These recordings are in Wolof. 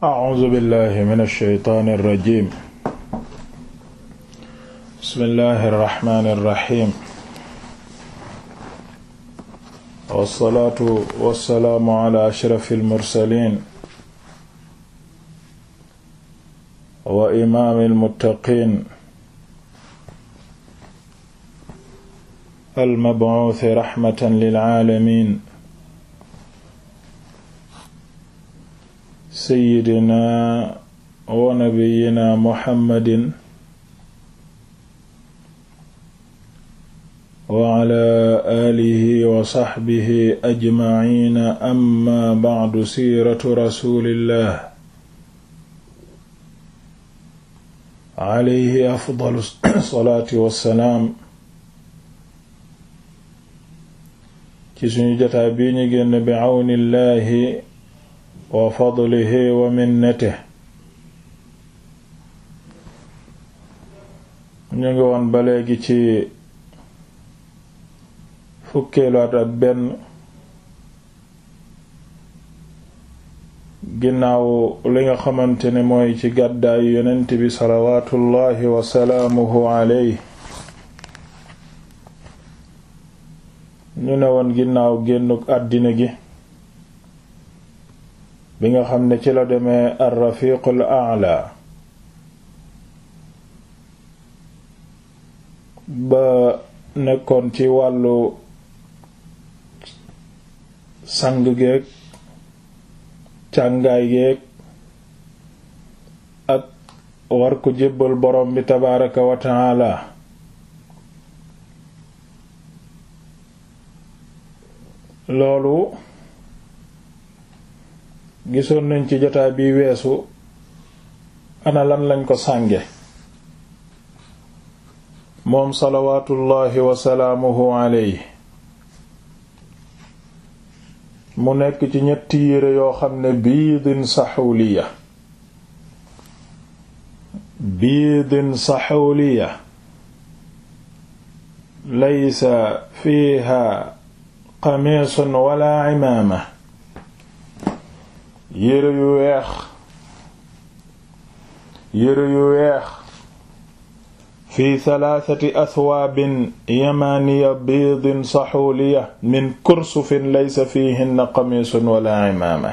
acuudu billahi min alsheytaan alrajim bismillahi arrahmani irrahim wassalaatu wassalaamu ala ashrafi almursalin wa imaami almuttaqin almabuusi raxmatan lilcaalamin seyyidina wa nabiyina muhammadin wa ala alihi wa saxbihi ajmaciina amma bacdu siiratu rasulillah alayhi afdalu salaatu wassalaam ci suñu jataa bii ñu génn bi cawnillahi wa fadlihi wa minnatihi ñu ngi woon ba léegi ci fukkeelu at ak benn ginnaaw li nga xamante ne mooy ci gàddaayu yonent bi salawaatullaahi wa salaamuhu alayhi ñu ne woon ginnaaw génnuk àddina gi bi nga xam ne ci la demee ar-rafiqul a'la ba nekkoon ci wàllu sang geeg càngaay geeg ak war ko jébbal borom bi tabaaraka wa ta'ala loolu gisoon nañ ci jotaay bi weesu ana lan lañ ko sànge moom salawaatullaahi wasalaamuhu alayhi mu nekk ci ñetti yére yoo xam ne biidin saxuliya biidin saxuliya laysa fiiha qamiisun wala imaama yére yu weex yu weex fi thalathati athwaabin yamaniya biidin saxuuliya min kursufin laysa fihinna qamisun wala imaama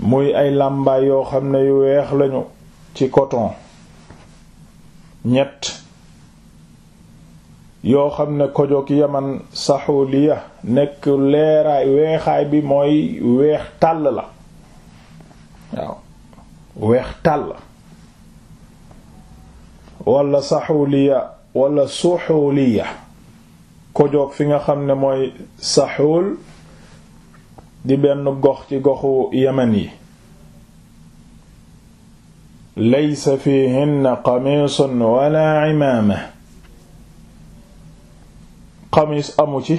muy ay làmbaay yoo xam ne yu weex lañu ci coton yoo xam ne kojog yaman saxuliya nekk leeraay weexaay bi mooy weex tàll la waaw weex tàll wala saxuliya wala suxuliya kojog fi nga xam ne mooy saxul di benn gox ci goxu yaman yi laysa fihinna qamisun wala imaama xamiis amu ci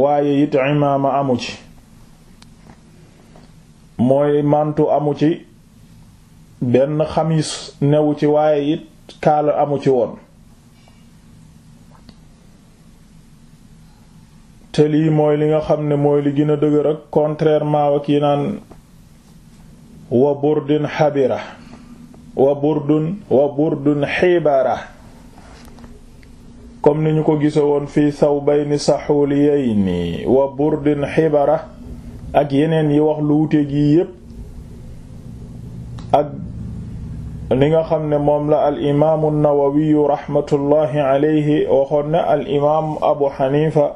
waaye it imaama amu ci mooy mantu amu ci benn xamis newu ci waaye it kaala amu ci woon te lii mooy li nga xam ne mooy li gën a dëgër ak contrairement ak yi naan wa burdun xabira wa burdun wa burdun xibara comme ni ñu ko gise woon fii sawbayni saxuuliyayni wa burdin xibara ak yeneen yi wax lu wute gi yépp ak li nga xam ne moom la al imaamu nawawiyu raxmatullahi alayhi waxoon ne al imaam abu xanifa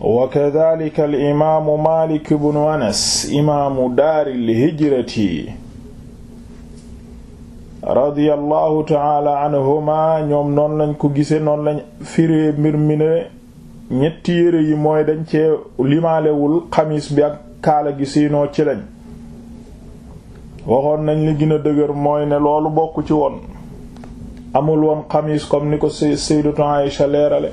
wa kadalika al imaamu malik bnu anas imaamu daaril hijrati radiyallahu taala anhuma ñoom noonu lañ ko gisee noonu lañ firee mbir mi ne ñetti yére yi mooy dañ cee limaalewul xamis bi ak kaala gi siinoo ci lañ waxoon nañ li gën a dëgër mooy ne loolu bokk ci woon amul woon xamis comme ni ko sayyidatu Aïsha leerale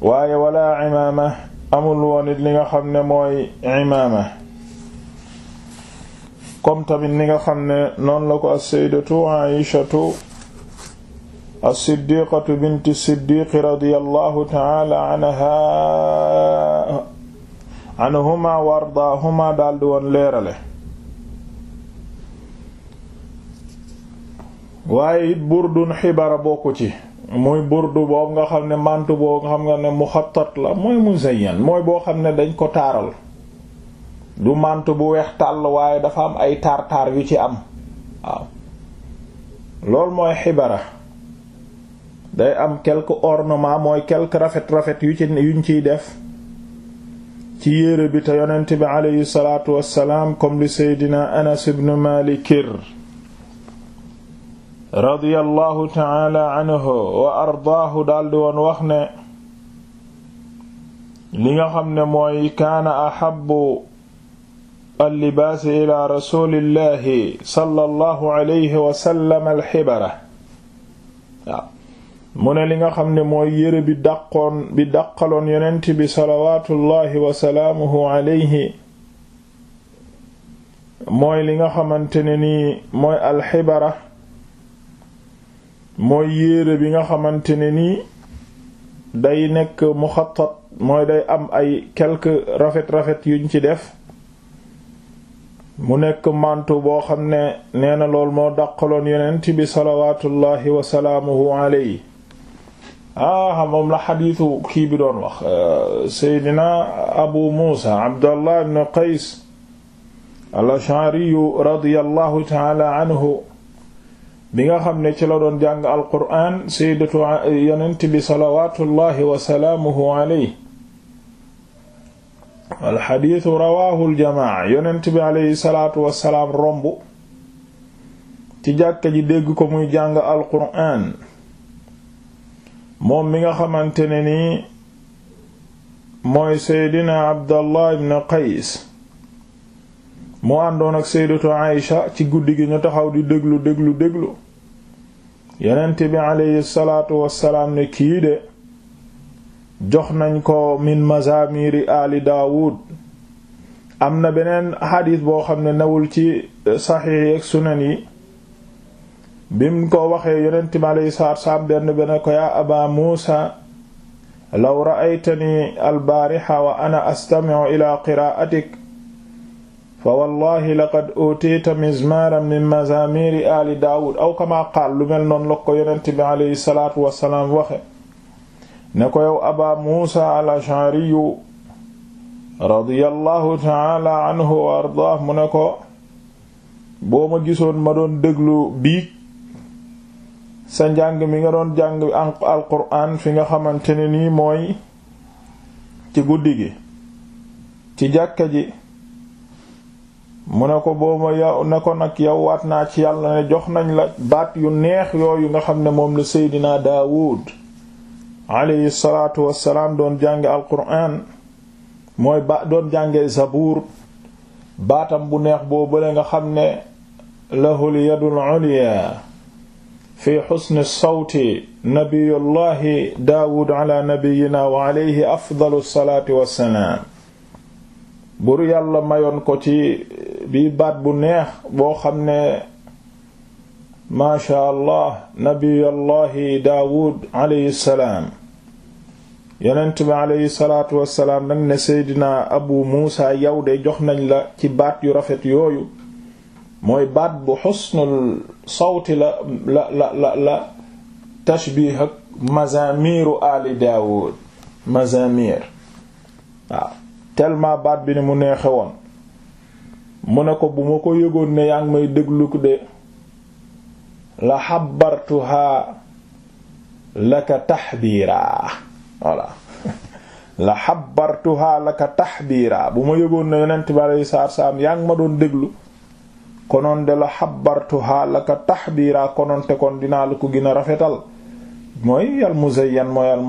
waaye wala imaama amul woon it li nga xam ne mooy imaama comme tamit ni nga xam ne noonu la ko as-sayyidatu Aïshatu as-siddiqatu binti siddiq radiyallahu ta'ala anhuma wa ardaahuma daldi woon leerale waaye it burdun xibara bokku ci muy burdu boobu nga xam ne mantu boobu nga xam nga ne muxattat la mooy muzayyan mooy boo xam ne dañ ko taaral du mant bu weex tàll waaye dafa am ay taar-taar yu ci am waaw mooy xibara day am quelque ornement mooy quelque rafet-rafet yu ci yuñ ciy def ci yére bi te yonent bi aleyhi salaatu wassalaam comme li seydina anas ibn malikir radiyallahu taala anhu wa ardaahu daldi woon wax ne li nga xam ne mooy kaana ahabbu allibaasi ila rasulillahi sallallahu alayhi wa sallam li nga xam ne mooy yére bi dàqoon bi dàqaloon yonent bi salawaatullahi li nga xamante ne nii mooy alxibara mooy yére bi nga xamante ne nii day nekk muxatat mooy day am ay quelques rafet rafet yuñ ci def mu nekk mantu boo xam ne nee na lool moo dàqaloon yonent bi salawaatullahi wa salaamuhu alayhi aa moom la xadiisu kii bi doon wax euh, seydina abu muusa abdallah ibn qays al-ashariyu radiyallahu taala anhu bi nga xam ne ci la doon jàng alquraan seydatu yonent bi salawaatullahi wa salaamuhu alayhi alxadiisu rawaahu aljamaa yonent bi aleyhi salaatu wassalaam romb ci jàkka ji dégg ko muy jàng alquraan moom mi nga xamante ne nii mooy seydina abdallah ibn qays mu àndoon ak seydatu aysha ci guddi gi ñu taxaw di déglu déglu déglu yonent bi aleyhi salaatu wassalaam ne kii de jox nañ ko min mazamiri ali daawud am na beneen xadis boo xam ne nawul ci eh, saxiix yi ak bim ko waxee yonent mi alayhi salaatu salaam benn benn ko yaa aba muusa law ra'aytani albaarixa wa ana astami'u ila qiraa'atik fa wallahi laqad utiita mizmaaran min mazamiri ali daawud aw kama qaal lu mel noonu la ko yonent waxe ne ko yow aba muusa al yu radiyallahu taala anhu wa ardaah mu ne ko boo ma gisoon ma doon déglu biig sa njàng mi nga doon jàng alquraan fi nga xamante ne nii mooy ci guddi gi ci jàkka ji mu ne ko boo ma yow ne ko nag yow waat naa ci yàlla ne jox nañ la baat yu neex yooyu nga xam ne moom la seydinaa daawud alayhi salaatu wassalaam doon jànge alquran mooy ba doon jànge zabuur baatam bu neex boobale nga xam ne lahul yadul ulya fi xusni sawti nabiyullahi daawud ala nabiyina wa alayhi afdalu salaatu wassalaam bur yàlla mayoon ko ci bii baat bu neex boo xam ne maasha allah nabiyullahi daawud alayhi salaam yonent bi alayhi salaatu wassalaam nag ne seydina abu muusa yow de jox nañ la ci baat yu rafet yooyu mooy baat bu xusnul sawti la la la la la tashbiih ak mazamiiru ali daawud mazamir waaw baat bi ne mu neexe woon mu ne ko bu ma ko yëgoon ne yaa ngi may déglu de la xabartuhaa laka la xabartuhaa laka taxbiiraa bu ma yëgoon na yonent bi aleyhi salaatu salaam yaa ma doon déglu konoon de la xabartuhaa laka taxbiiraa konoon te kon dinaa la ko gën a rafetal mooy yal muzayyan mooy yal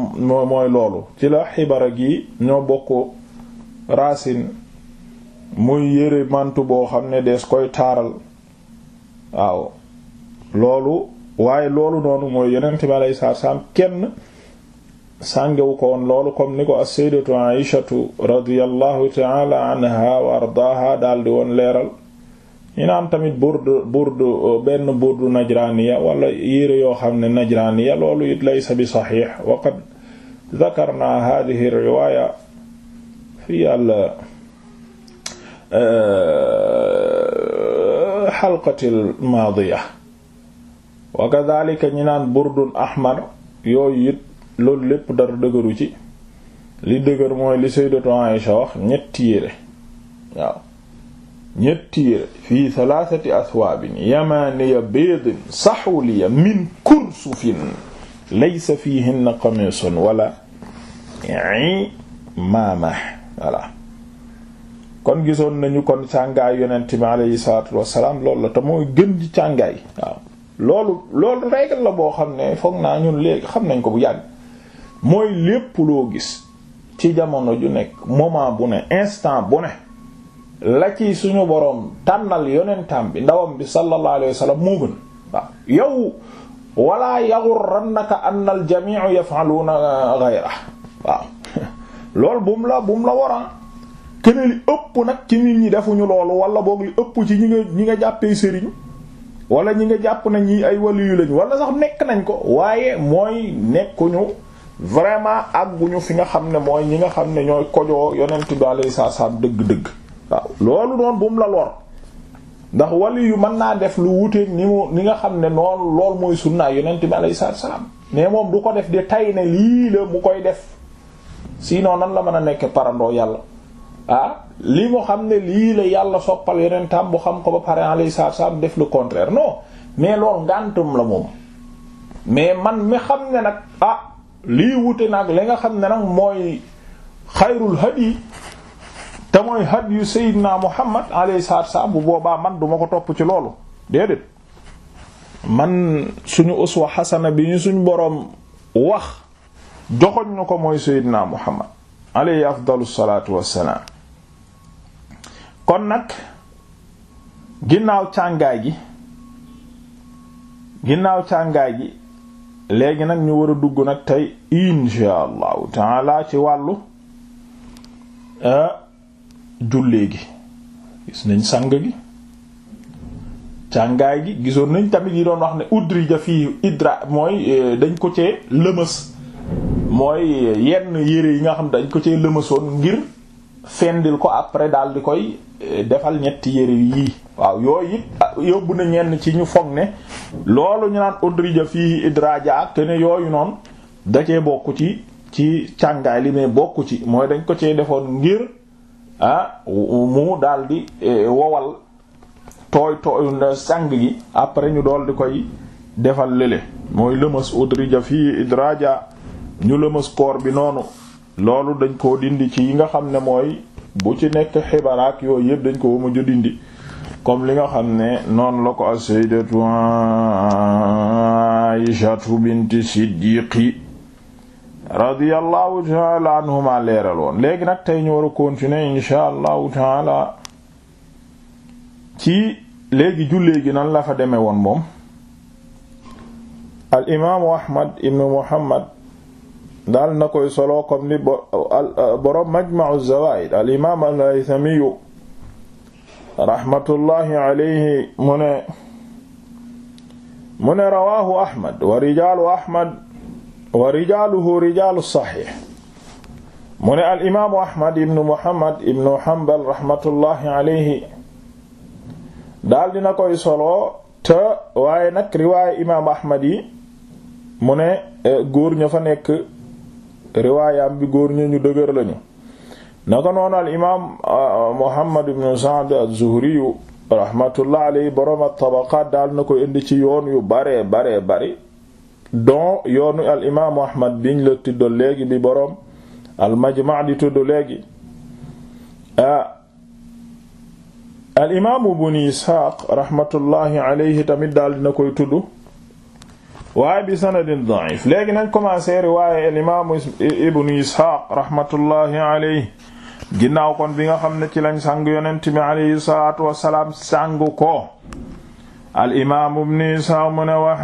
mooy loolu ci la xibara gi ñoo bokk rasin muy yére mantu boo xam ne dees koy taaral waw loolu waaye loolu noonu mooy yonent bi alayhi salaatu kenn sàngewu ko woon loolu comme ni ko as-sayyidatu Aïshatu radiyallahu ta'ala anha wa ardaaha daldi woon leeral ñu naan tamit burdu burdu benn burdu najraaniya wala yére yoo xam ne najraaniya loolu it laysa bi saxiix wa qad dhakarna hadhihi riwaaya fi al xalqati eh, al maadiya wa kadhalika ñi naan burdun ahmar yooyu it loolu lépp dara dëgëru ci li dëgër mooy li sayyidatu Aisha wax ñetti yére waaw ñetti yére fii thalathati athwabin yamaniya baydin sahwliya min kursufin laysa fihinna qamisun wala imaama wala kon gisoon nañu kon càngaay yonent bi aleyhi salatu wasalaam loolu mooy gën ci càngaay loolu loolu règle la boo xam ne foog naa ñun léegi xam nañ ko bu yàgg mooy lépp loo gis ci jamono ju nekk moment bu ne instant bu ne la ci suñu boroom tànnal yonentam bi ndawam bi sallallahu alayhi wasallam moo gën waaw yow wala yaghurrannaka anna al jami'u yaf'aluna ghayra waaw loolu bu la bu la waran kene li ëpp nag ci nit ñi defuñu loolu wala boog li ëpp ci ñi nga ñi nga jàppee sëriñ wala ñi nga jàpp na ñi ay waliyu lañ wala sax nekk nañ ko waaye mooy nekkuñu vraiment àgguñu fi nga xam ne mooy ñi nga xam ne ñooy kojoo yonent bi alayhi salaam dëgg-dëgg waaw loolu noonu bu la lor ndax waliyu mën naa def lu wuteeg ni mu nga xam ne noonu loolu mooy sunna yonent bi alayhi salaam mais moom du ko def di tay ne lii la mu koy def sinon nan la mën a nekk parandoo yàlla ah li mu xam ne lii la yàlla soppal yeneen tam bu xam ko ba pare alayhi saabu def le contraire non mais loolu ngàntum la moom mais man mi xam ne nag a ah, lii wute nag li nga xam ne nag mooy xayrul hadi te mooy hadiyu sayyidina Muhammad alayhi salaam bu boobaa man duma ko topp ci loolu déedéet man suñu uswa bi ñu suñ boroom wax joxoñ ñu ko mooy sayyidina Muhammad alayhi afdalu salaatu wassalaam kon nag ginnaaw càngaay gi ginnaaw càngaay gi léegi nag ñu war a dugg nag tey insha allahu taala ci wàllu jullee gi gis nañ sang gi càngaay gi gisoon nañ tamit yi doon wax ne udri ja fii idra mooy e, dañ ko cee lëmës mooy yenn yére yi nga xam dañ ko cee lëmësoon ngir fendil ko après daal di koy defal ñetti yére yii waaw yooyu it ah, yóbbu na ñenn ci ñu foog ne loolu ñu naan udrija fii idraja te yooyu noonu da cee ci ci càngaay li mais bokku ci mooy dañ ko cee defoon ngir ah mu daal di e, wowal tooy tooy na sàng gi après ñu dool di koy defal lële mooy lëmas udrija fii idraja ñu lëmas koor bi noonu loolu dañ ko dindi ci yi nga xam ne mooy bu ci nekk xibaraak yooyu yëpp dañ ko mujj dindi comme li nga xam ne noonu la ko as-sayyidatu Aysatu binti Siddiqi radiyallahu taala anhuma leeral woon léegi nag tey ñu war a continuer insha allahu taala ci léegi jullee gi nan la fa demee woon moom al imaamu Ahmad ibnu Muhammad daal na koy solo comme ni euh, borom majma'u zawaid al imaam al haythamiyu rahmatullahi alayhi mu ne mu ne rawaahu ahmad wa rijaalu ahmad wa rijaaluhu rijaalu saxiix mu ne al imaamu ahmad ibnu muhammad ibnu hanbal rahmatullahi alayhi daal dina koy solo te waaye nag riwaayu imaamu ahmad yi mu ne euh, góor ña fa nekk te bi góor ñu ñu dëgër lañu naka noonu al imaam ah, Muhammad ibn Sa'd az-Zuhri rahmatullah alayhi borom at-Tabaqaat daal na ko indi ci yoon yu bare baree bari don yoonu al imaamu Ahmad biñ la tudd léegi bi borom al-Majma' di tudd léegi ah. al imaamu Ibn Isxaaq rahmatullahi alayhi tamit daal dina koy tudd. waaye bi sanadin da'if léegi nañ commencé riwaaye al imaamu ibnu isxaaq rahmatullahi alayhi ginnaaw bi nga xam ne ci lañ sàng yonent bi alayhi salaatu wassalaam sàng ko al ibn abdillah mu ne wa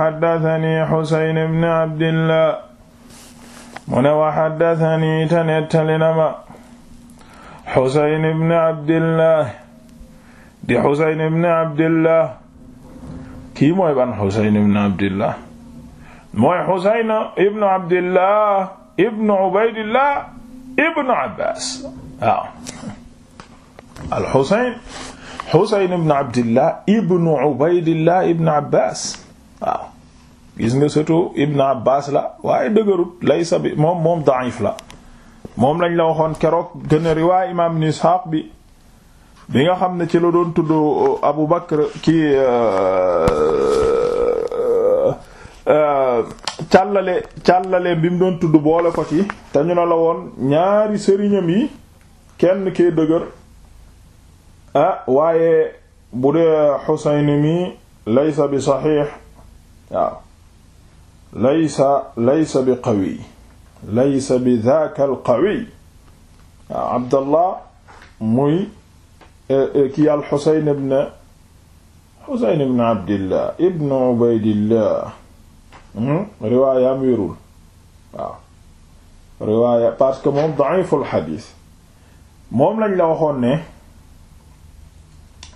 haddathani te ibn abdillah di kii mooy ban husayn ibn abdillah mooy Xusayn ibnu Abdillah ibnu Ubaydillah ibnu Abbas al Xusayn Xusayn ibnu Abdillah ibnu Ubaydillah ibnu Abbas waaw nga surtout Ibn la waaye dëgërut laysa bi moom moom da'if la moom lañ la waxoon keroog gën a riwaay imaam ibn Isxaaq bi bi nga xam ne ci la doon tudd Abu Bakr ki euh, càllale càllale bi mu doon tudd boole ko ci te na ne la woon ñaari sëriñam yi kenn kee dëgër ah waaye bu dee Xuseyn mi laysa bi saxiix waaw laysa laysa bi qawi laysa bi daaka al qawi waaw ah, Abdallah muy eh, eh, kii al Xuseyn ibn Xuseyn ibn Abdillah ibn Ubaydillah Hmm? riwaayaam wérul waaw riwaaya parce que moom da'iful xadiis moom lañ la waxoon ne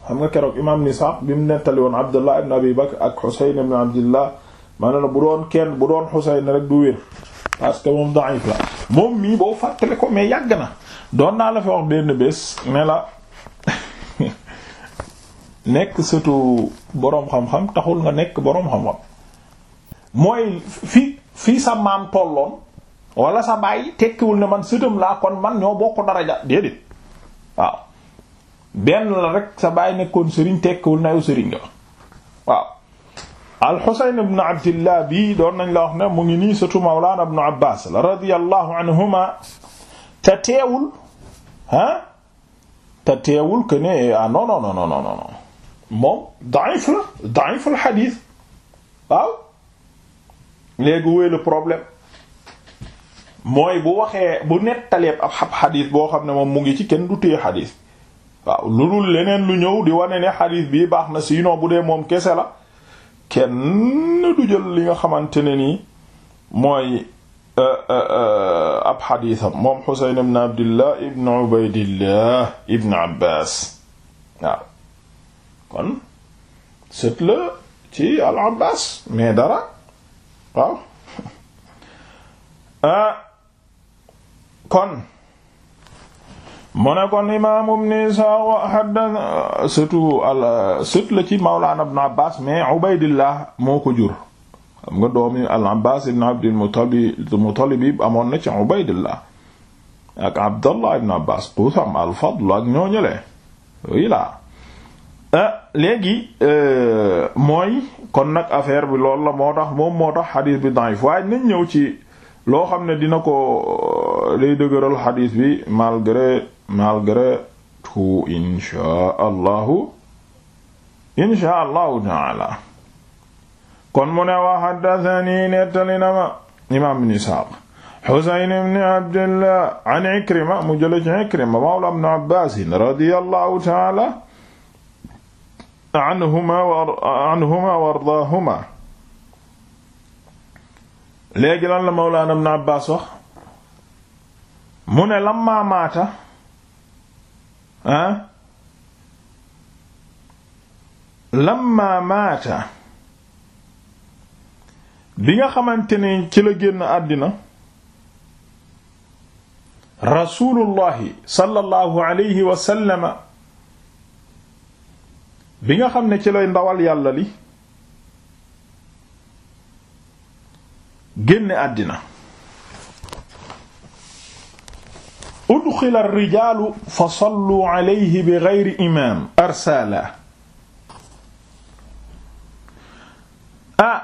xam nga keroog imaam ni sax bi mu nettali woon Abdullah ibn Abi Bakr ak Xuseyn ibn Abdillah ma la bu doon kenn bu doon Xuseyn rek du wér parce que moom da'if la moom mii boo fàttale ko mais yàgg na doon naa la fi wax benn bés ne la nekk surtout boroom xam-xam taxul nga nekk boroom xam-xam mooy fi fii sa maam tolloon wala sa baay tekkiwul man sëtam laa kon man ñoo bokk daraja déedéet waaw benn la rek sa baay nekkoon sëriñ tekkiwul na yow sëriñ al-Husayn ibn Abdillah bi doon nañ la wax ne mu ngi nii sëtu Mawlana ibn Abbas la radiyallahu anhuma te teewul ah te teewul que ne ah moom da'if la da'if al-hadith waaw léegi wéy le problème mooy bu waxee bu nettaleeb ab ab xadiis boo xam ne moom mu ngi ci kenn du téye xadiis waaw lu dul leneen lu ñëw di wane ne xadiis bii baax na sinon bu dee moom kese la kenn du jël li nga xamante ne nii mooy euh, euh, euh, ab xadiisam moom Xuseyn ibn Abdillah ibn Ubaydillah waaw kon sët la ci al Abbaas mais dara waaw ah, kon mu ne kon imaam ibn Isaaq haddatha surtout al sut la Abbaas mais Ubaydillah moo ko jur xam nga doomi al Abbaas ibn Abdil Muttalib yi amoon na ci Ubaydillah ak Abdallah ibn Abbaas Qutham al Fadl ak ñoo ñële oui là ah, léegi euh, kon nag affaire bi loolu la moo tax moom moo tax xadiis bi daif waaye nañ ñëw ci loo xam ne dina ko euh, lay dëgëral xadiis bi malgré malgré tout insha allahu insha allahu taala kon mu ne wa xaddatani nettali na ma imaam ibn Isaaq Xusayn ibn Abdillah an Ikrima mu jële ci Ikrima mawla ibn Abbaas radiyallahu taala anhuma wa anhuma wa ardaahuma léegi lan la mawlaana ibn Abbaas wax mu ne lamma maata ah lamma maata bi nga xamante ne ci la génn àddina rasuulullahi sallallahu alayhi wa sallama bi nga xam ne ci lay ndawal yàlla li génne àddina udxila ar-rijaalu fa sallu alayhi bi ghayri imaam arsala ah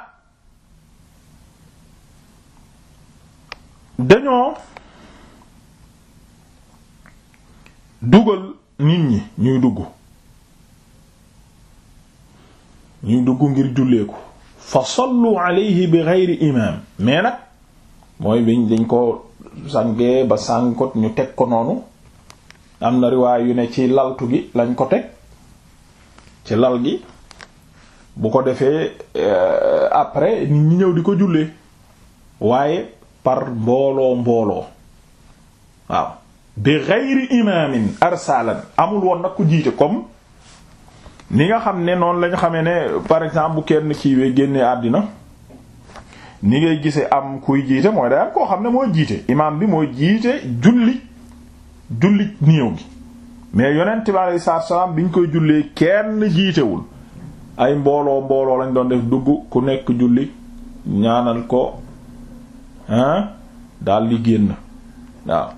dañoo dugal nit ñi ñuy dugg ñu dugg ngir julleeku fa sallu alayhi bi ghayri imam mais nag mooy biñ diñ ko sange ba sànkot ñu teg ko noonu am na riwaay yu ne ci laltu gi lañ ko teg ci lal gi bu ko defee euh, après ñu ñëw di ko jullee waaye par mbooloo mbooloo waaw bi ghayri imamin arsalan amul woon nag ku jiite comme ni nga xam ne noonu lañ xamee ne par exemple kenn kiiwee génne àddina ni ngay gisee am kuy jiite mooy day koo xam ne moo jiite imaam bi moo jiite julli julli néew gi mais yonent bi alayhi salaatu salaam biñ koy jullee kenn jiitewul ay mbooloo mbooloo lañ doon def dugg ku nekk julli ñaanal ko hein daal di génn waaw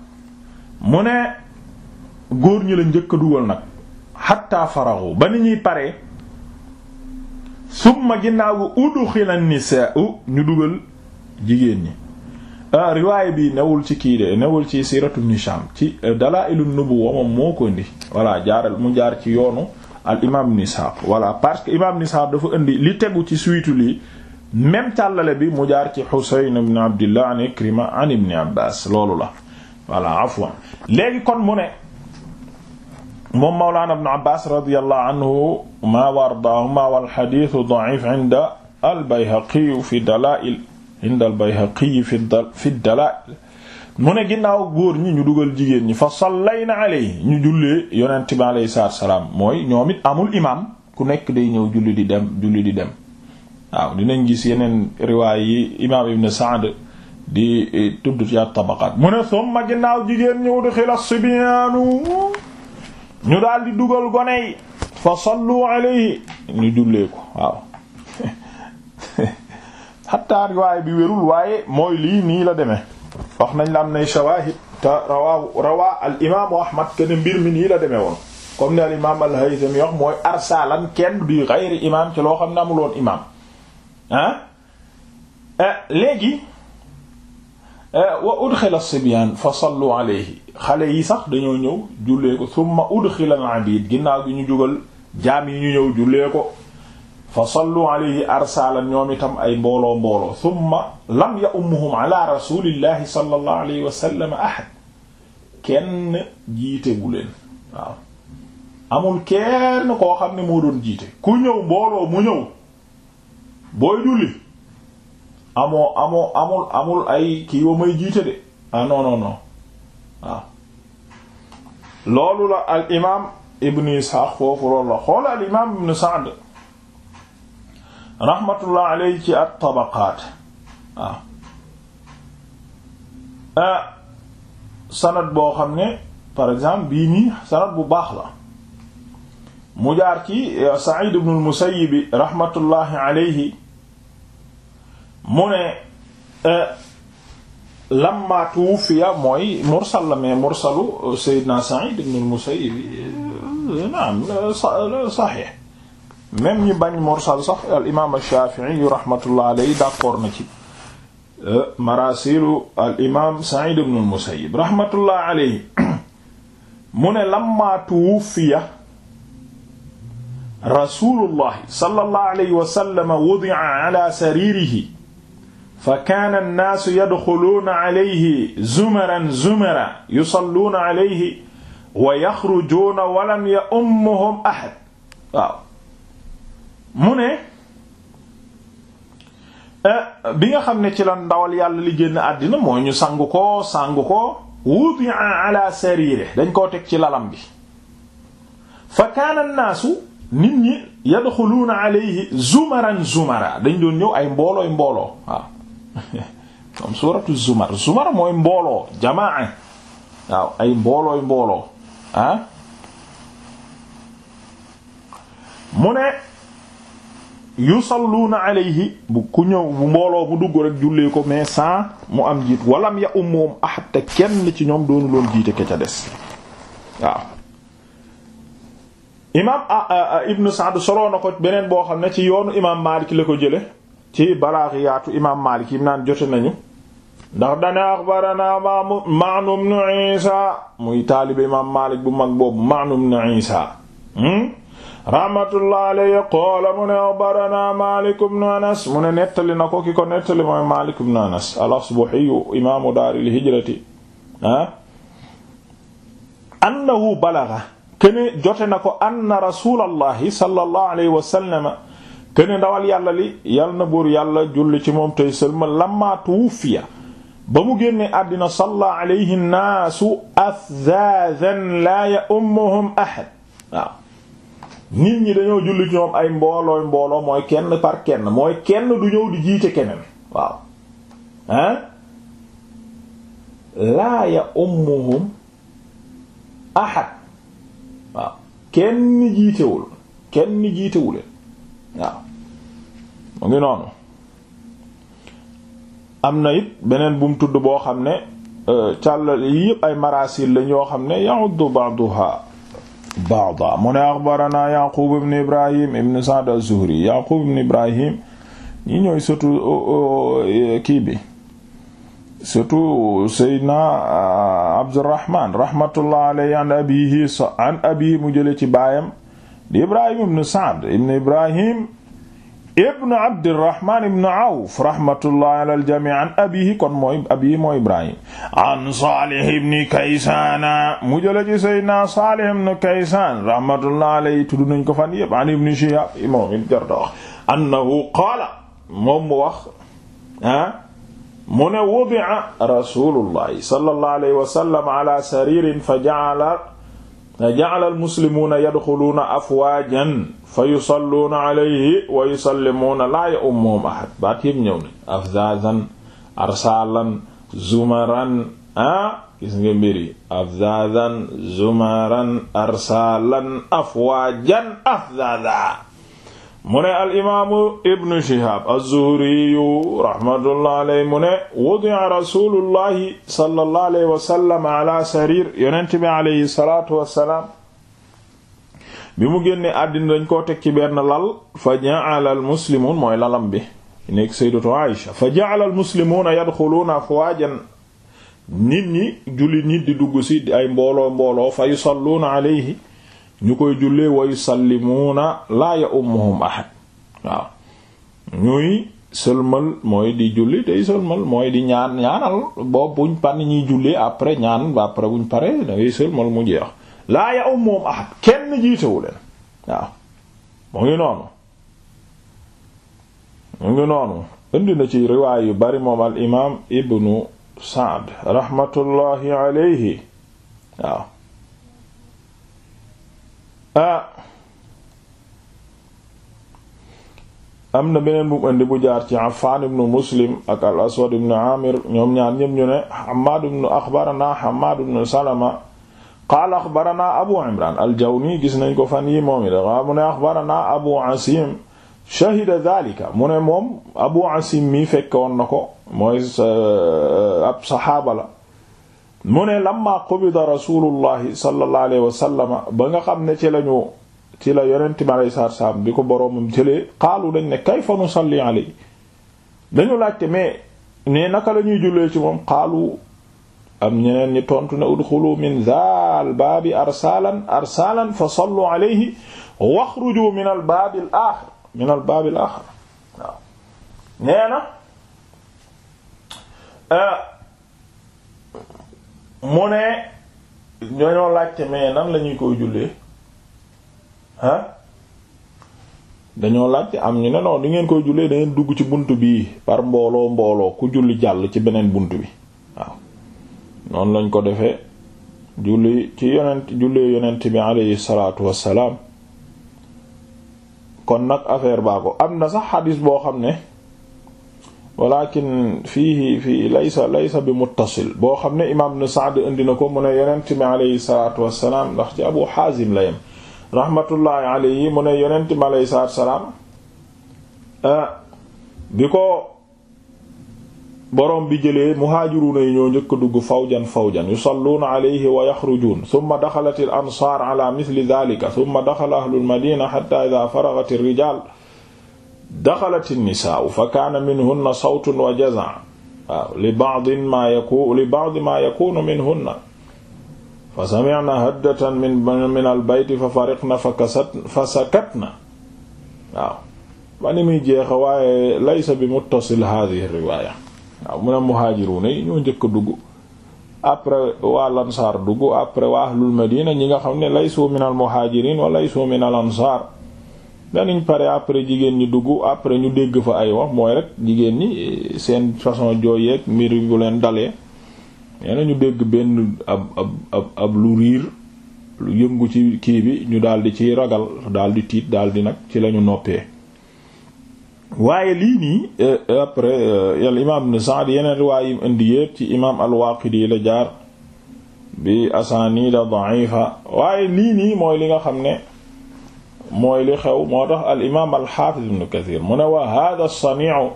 mu ne góor ñi la njëkk a dugal nag xatta faraxu ba ni ñuy paree summa ginnaaw gi udxila nisaa ñu dugal jigéen ñi ah, riwaay bi newul ci kii de newul ci siratu ibn Hisham ci eh, dalaa'ilu nubuwwa moom moo ko indi voilà jaaral mu jaar ci yoonu al imaam ibn Ishaq voilà parce que imaam ibn Ishaq dafa indi li tegu ci suite li même tàllale bi mu jaar ci Husayn ibn Abdillah an Ikrima an ibn Abbas loolu la voilà afwan léegi kon mu ne moom mawlaana ibn abbas radiyallahu anhu ma wa ardaahuma wal xadiis da'if inda al bayhaqi fi dalaa'il inda al bayhaqi fi dalaa'il mu ne ginnaaw góor ñi ñu dugal jigéen ñi fa sallayna alayhi ñu jullee yonent bi alayhi salaam mooy ñoom it amul imaam ku nekk day ñëw julli di dem julli di dem waaw dinañ gis yeneen riwaay yi imaam ibn Sa'd di eh, tudd ci at-Tabaqaat mu ne summa ginnaaw jigéen ñëw di xila sibiyaanu ñu daal di dugal gone yi fa sallu alayhi ñu jullee waaw xatta riwaay bi wérul waaye mooy lii nii la deme wax nañ la am nay shawahid te rawaa al ahmad ken mbir mi nii la deme woon comme ni al imaam wax mooy arsalan kenn bi ghayri imaam ci loo xam ne amuloon imaam ah eh, léegi Eh, wa udxila sibyaan fa xale yi sax dañoo ñëw jullee ko summa udxila al abid ginnaaw gi ñu jugal jaam yi ñu ñëw jullee ko fa sallu alayhi arsaalan ñoom itam ay mbooloo mbooloo summa lam ya ummuhum ala rasulillahi sallallahu alayhi wa sallam ahad kenn jiitewu leen amul kenn koo xam ne moo doon jiite ku ñëw mbooloo mu ñëw booy julli amoo amoo amul ay kii wa may jiite de ah non non ah. loolu la al imaam ibn Isxaaq foofu loolu la xoola al imaam ibn Sa'd rahmatullah alayhi ci at-Tabaqaat waaw ah. ah. sanad boo xam ne par exemple bii nii sanad bu baax la mu jaar ci eh, Sa'id ibn al-Musayyib rahmatullahi alayhi mu ne e, lamma tuwuffiya mooy mursal la mais mursalu Seydina Sa'id ibn al-Musayyib e, e, naam saxiix même ñi bañ mursal sax al imaam ash-Shafi'i yu rahmatullah alayhi d'accord na ci marasilu al imaam Sa'id ibn al-Musayyib rahmatullah alayhi mu ne lamma tuwuffiya rasulullah sallallahu alayhi wa sallam wudi'a ala saririhi fa kaana annaasu yadxuluuna alayhi zumaran zumaran yusalluuna alayhi wa yaxrujuuna walam ya ummuhum ahad mu ne eh, bi nga xam ne ci lan ndawal yàlla li génn àddina moo ñu sang ko sang ko wudia ala sariire dañ koo teg ci lalam bi fa kaana annaasu nit ñi yadxuluuna alayhi zumaran zumaran dañ doon ñëw ay mboolooy mbooloo waaw comme suratu zumar zumar mooy mbooloo jamaa waaw ay mboolooy mbooloo ah mu ne yu yusalluuna alayhi bu ku ñëw bu mbooloo bu dugg rek jullee ko mais sans mu am jiit walam ya ummoom ahad te kenn ci ñoom doonu loon jiite ke ca des waaw imaam ah, ah, ah, ibnu Sa'd soroon na ko beneen boo xam ne ci yoonu imaam Maalik la ko jële ci balaaxiyaatu imaam Maalik yi naan jote nañu ndax dane axbarana Ma'nu ibn Isa muy taalibe imaam Maalik bu mag boobu Ma'nu ibn Isa hmm? rahmatullah alayhi qaala mu ne axbarana Maalik ibn ko ki ko nettali hijrati ah annahu kene jote na ko anna rasulallahi alayhi wa këne ndawal yàlla li yàlla na buur yàlla julli ci moom tey sëlma lamma tuwufiya ba mu génnee àddina salla alayhi naasu afzazan laa ya ummuhum ahad waaw nit ñi dañoo julli ci moom ay mboolooy mbooloo mooy kenn par kenn mooy kenn du ñëw di jiite keneen waaw ah laa ya ummuhum ahad waaw kenn jiitewul kenn jiitewuleen waaw mu ngi noonu am na beneen bu mu tudd boo xam ne euh, càll yi yëpp ay marasil lañ yoo xam ne ya'uddu ba'daha ba'da mu ne axbarana yaqub ibn ibrahim ibn sa'd az-zuhri yaqub ibn ibrahim ñi ñooy surtout kii bi surtout seydna euh, abdurrahman rahmatullah alayhi an mu jële ci baayam di ibrahim ibn sa'd ibn ibrahim ibn abdirahman ibn awf rahmatullahi ala aljami an abihi kon mooy abihi mooy ibrahim an salih ibn kaysana mu jële ci sayyidina salih ibn kaysan rahmatullahi alayhi tudd nañ ko fan yëpp an ibn shihab moom it jarta wax annahu qaala moom mu wax ah mu ne wudi'a rasulullahi sallallahu alayhi wa sallam ala saririn fa ja'ala ja'ala al-muslimuuna yadxuluuna afwaajan fa yusalluuna alayhi wa yusallimuuna laa ya'ummuhum ahad baat yëpp ñëw nañ afzaazan arsaalan zumaran ah gis nga mbir yi afzaazan zumaran arsaalan afwaajan afzaaza mu ne al Shihab az-Zuhriyu rahmatullah alayhi mu ne wudi'a rasulullahi sallallahu alayhi wa sallam ala sarir yonent bi mu génne àddina dañ koo teg ci benn lal fa ja'ala al-muslimuun mooy lalam bi nekk sayyidatu Aïsha fa ja'ala al-muslimuuna yadxuluuna afwaajan nit ñi julli nit di dugg ci ay mbooloo mbooloo fa yusalluuna ñu koy jullee wa yusallimuuna laa ya ummuhum ahad waaw ñuy sëlmal mooy di julli tey sëlmal mooy di ñaan ñaanal boobu buñ pan ñuy jullee après ñaan ba après buñ pare dangay sëlmal mu jeex laa ya ummuhum ahad kenn jiitewu leen waaw mu ngi noonu mu ngi noonu indi na ci riwaay yu bari moom al imaam ibnu Saad raxmatullaahi alayhi waaw Ah. am na beneen bu mu indi bu jaar ci Affaan ibnu Muslim ak al Aswad ibnu Aamir ñoom ñaar ñépp ñu ne Hammaad Abu Imraan al-Jawni gis nañ ko fan yi moom it wa mu ne axbarana Abu Asim shahida dhalika mu moom Abu Asim mi fekkoon na ko mooy ab mu ne lamma qubida rasulullahi sallallahu alayhi wa sallama ba nga xam ne ci ñu ci la yonent mi alayhi bi ko boroomam jëlee xaalu dañ ne kayfa nusalli alayhi dañu laajte mais ne naka la ñuy jullee ci moom xaalu am ñeneen ñi tontu ne udxulu min zaal baabi arsalan arsalan fa sallu alayhi waxruju min al baabi min al baabi al na eh, mu ne ñoo laajte mais nan lañuy ñuy koy jullee ah dañoo laajte am ñu ne non di ngeen koy jullee da dugg ci bunt bi par mbooloo mbooloo ku julli jàll ci beneen bunt bi waaw noonu lañ ko defee julli ci yonent jullee yonent bi alayhi salaatu wassalaam kon nag affaire baa ko am na sax xadis boo xam ne walakin fiihi fii laysa laysa bi muttasil boo xam ne imaam ibn Sa'd indi na ko mu ne yonent mi aleyhi salaatu wassalaam ndax ci Abu Haazim la yem rahmatullahi alayhi mu ne yonent mi aleyhi salaatu wassalaam ah, bi ko borom bi jëlee muhaajiruuna yi ñoo njëkk dugg fawjan fawjan yusalluuna alayhi wa yaxrujuun summa daxalat al ansaar ala misli daalika summa daxala ahlul madina xatta idaa faragat ar rijaal daxalat nisaau fa kaana minhunna sawtun wa jazaa waaw li ba'di ma yaku li ba'di ma yakunu minhunna fa sami'na haddatan min min albayti fa fariqna fa kasat fa sakatna waaw ba ni muy jeex waaye laysa bi muttasil hadhihi riwaya waaw mu ne muhaajiruna yi ñoo njëkk a dugg après waa lansaar dugg après waa ahlul madina ñi nga xam ne laysu min al muhajirin wa laysu min al ansar ñu pare après jigéen ñi dugg après ñu dégg fa ay wax mooy rek jigéen ñi eh, seen façon jooyeeg mbir bu leen dalee nee ñu dégg benn ab ab ab lu riir lu yëngu ci kii bi ñu daldi ci ragal daldi tiit daldi nag ci lañu noppee waaye lii nii eh, eh, après yàlla imaam ibn Sa'd yeneen riwaay yim indi yépp ci imaam al-Waaqidi la jaar bi asaanida da'ifa waaye lii nii mooy li nga xam ne mooy li xew moo tax al imaam al xaafiz ibn kathir mu ne wa hada saniu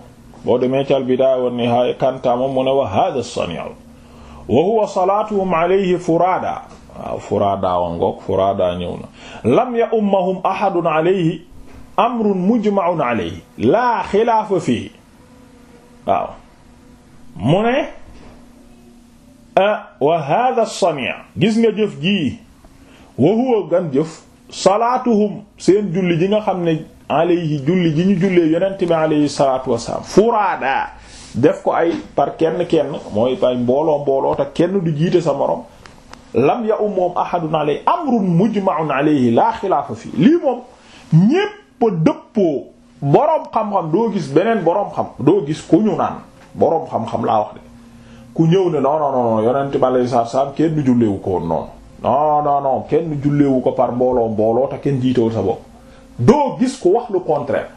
boo demee ci al bidaaya wa nihaaya kantaama mu ne wa hada saniu wa huwa salaatuhum alayhi furaada waaw furaada wa ngoog furaada ñëw na lam ya ummahum ahadun alayhi amrun mujma'un alayhi laa xilaafa fii waaw mu ne eh, wa hada saniu gis nga jëf jii wa huwa gan jëf salaatuhum seen julli ji nga xam ne alayhi julli ji ñu jullee yonent bi alayhi salaatu wasalaam furaada def ko ay par kenn kenn mooy ay mbooloo mbooloo te kenn du jiite sa moroom lam ya um moom ahadun alayhi amrun mujma'un alayhi laa xilaafa fii lii moom ñépp dëppoo boroom xam-xam doo gis beneen boroom xam doo gis ku ñu naan boroom xam-xam laa wax de ku ñëw ne non non non yonent bi alayhi salaatu wasalaam kenn du ko woon noonu non no no kenn julleewu ko par mbooloo mbooloo te kenn jiitewul sa bopp doo gis ko wax lu contraire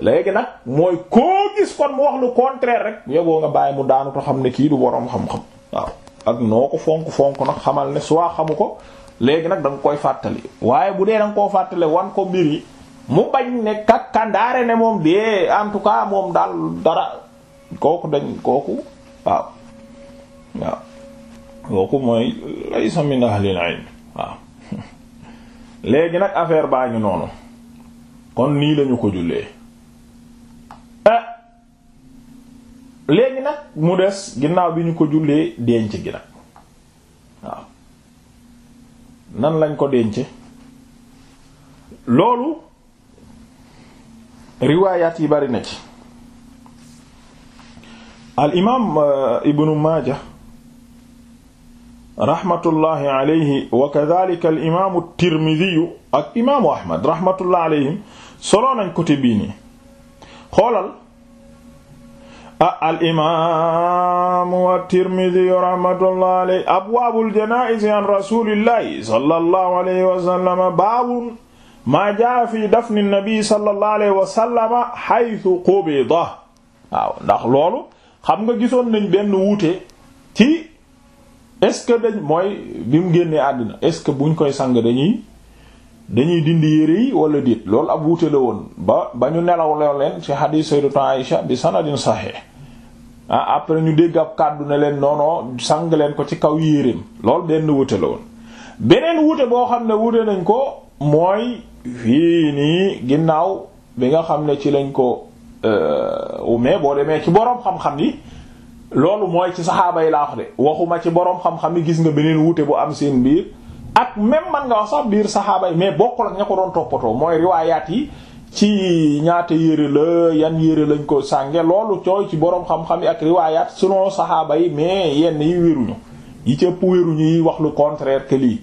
léegi nag mooy koo gis kon mu wax lu contraire rek yoboo nga bàyyi mu daanu te xam ne kii du woroom xam-xam waaw ak noo ko fonk fonk na xamal ne soit xamu ko léegi nag da koy fàttali waaye bu dee da koo fàttali wan ko mbir yi mu bañ ne kak kandaare ne moom dee en tout cas moom daal dara kooku dañ kooku waaw waaw kooku mooy laysa min ahlil ilm waaw léegi nag affaire baa ngi noonu kon nii lañu ko jullee ah. léegi nag mu des ginnaaw bi ñu ko jullee denc gi nag waaw nan lañ ko denc loolu riwaayaat yi bari na ci al imaam euh, ibnu maaja rahmatullahi alayhi wa kadhalika al imaamu tirmidiyu ak imaamu ahmad rahmatullahi alayhim solo nañ côté bii nii xoolal ah al imaamu at-Tirmidhi rahmatullahi alayhi abwaabul janaa'iz an rasuulillahi sallallahu alayhi wa sallam baabun maa jaa fi dafni nabi sallallahu alayhi wa sallam haythu qubida waaw ndax loolu xam nga gisoon nañ benn wuute ci est-ce que dañ mooy bi mu génnee àddina est-ce que buñ koy sang dañuy dañuy dindi yére yi wala déet loolu ab wuute la woon ba ba ñu nelaw loo leen ci hadith sayyidatu Aïsha bi sanadin sahih ah après ñu dégg ab kàddu na leen non non sang leen ko ci kaw yéreem lool benn wuute la woon beneen wuute boo xam ne wuute nañ ko mooy fii nii ginnaaw bi nga xam ne ci lañ ko euh, mais boo demee ci boroom xam-xam yi. loolu mooy ci saxaaba yi laa wax de waxuma ci boroom xam-xam yi gis nga beneen wuute bu am seen biir ak même man nga wax sax biir saxaaba yi mais bokkul ak ña ko doon toppatoo mooy riwaayaat yi ci ñaata yére la yan yére lañ ko sànge loolu cooy ci boroom xam-xam yi ak riwaayaat sunoo saxaaba yi mais yenn yi wéruñu yi cëpp wéruñu yi wax lu contraire que lii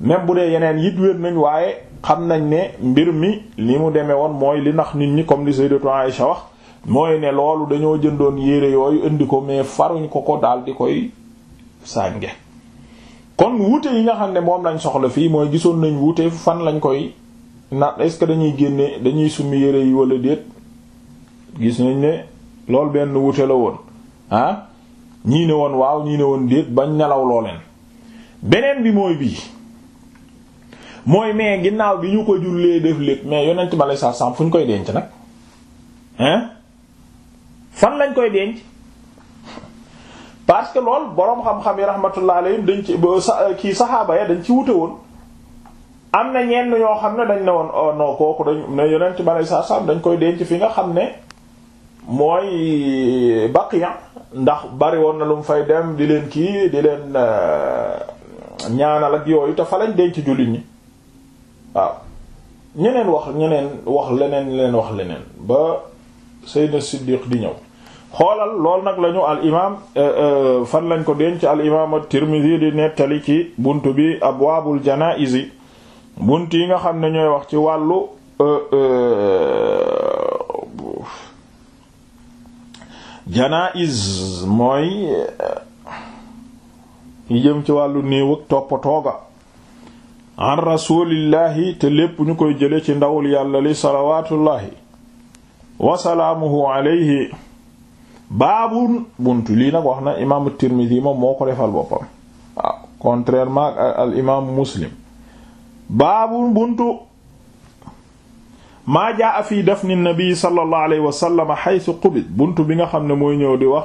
bu dee yeneen yit wér nañ waaye xam nañ ne mbir mi li mu demee woon mooy li nax nit ñi comme li Sayyidatu Aïcha wax mooy ne loolu dañoo jëndoon yére yooyu indi ko mais faruñ ko ko daal di koy sànge kon wuute yi nga xam ne moom lañ soxla fii mooy gisoon nañ wuute fan lañ koy na est-ce que dañuy génne dañuy summi yére yi wala déet gis nañ ne loolu benn wuute la woon ah ñii ne woon waaw ñii woon déet ba nelaw loo leen beneen bi mooy bii mooy mais ginnaaw bi ñu ko jullee def lépp mais yonent ma lay sa sam fu ñu koy denc nag hein fan lañ koy denc parce que lool boroom xam-xam yi rahmatullah alayhim dañ ci kii saxaaba ya dañ ci wute woon am na ñenn ñoo xam ne dañ ne woon oh non kooku dañ ne yonent bi alei satu salaam dañ koy denc fi nga xam ne mooy baqiya ndax bari woon na lu mu fay dem di leen kii di leen euh, ñaanal ak yooyu te fa lañ denc jullit ñi waaw ñeneen wax ñeneen wax leneen leen wax leneen Seydina Siddiq di ñëw xoolal lool nag lañu al imaam eh, eh, fan lañ ko denc al imaam at-Tirmidhi di nettali ci bunt bi abwaabul janaa'iz bunt yi nga xam ne ñooy wax ci wàllu eh, janaa'iz mooy yi jëm ci wàllu néew ak toppatooga an rasuulillahi te lépp ñu koy jële ci ndawul yàlla li salawaatullahi wasalaamuhu alayhi baabun buntu lii nag wax na imaamu Tirmidhi moom moo ko defal boppam waaw contrairement ak al imaamu Muslim baabun buntu maa jaa fi dafni nabi sallallahu alayhi wa sallam haythu qubid buntu bi nga xam ne mooy ñëw di wax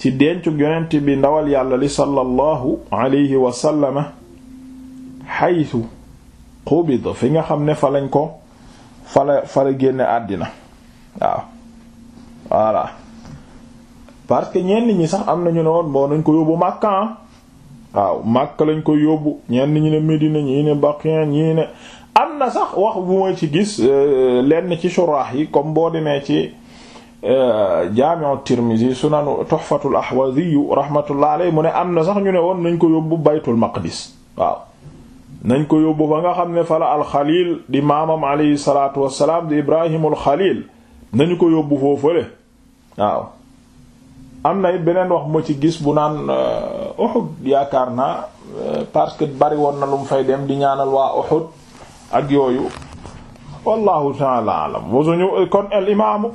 ci dencug yonent bi ndawal yàlla li sallallahu alayhi wa sallam haythu qubid fi nga xam ne fa lañ ko fa la fa génne àddina waaw voilà parce que ñenn ñi sax am nañu ne woon boo nañ ko yóbbu Makka ah. waaw Makka lañ ko yóbbu ñenn ñi ne Medina ñii ne Baqiya ñii ne am na sax wax bu mooy ci gis euh, lenn ci shuraax yi comme boo demee ci euh, jaami'u Tirmizi sunanu Tuhfatul Ahwazi rahmatullah alayhi mu ne am na sax ñu ne woon nañ ko yóbbu Baytul Maqdis waaw nañ ko yóbbu ba nga xam ne fala al Xaliil di maamam alayhi salaatu wassalaam di Ibrahimul Xaliil nañu ko yóbbu foofale waaw am na it beneen wax moo ci gis bu naan euh, Uhud yaakaar naa euh, parce que bari woon na lu mu fay dem di ñaanal waa Uhud ak yooyu wallahu ta'ala alam wasuñu kon al imaamu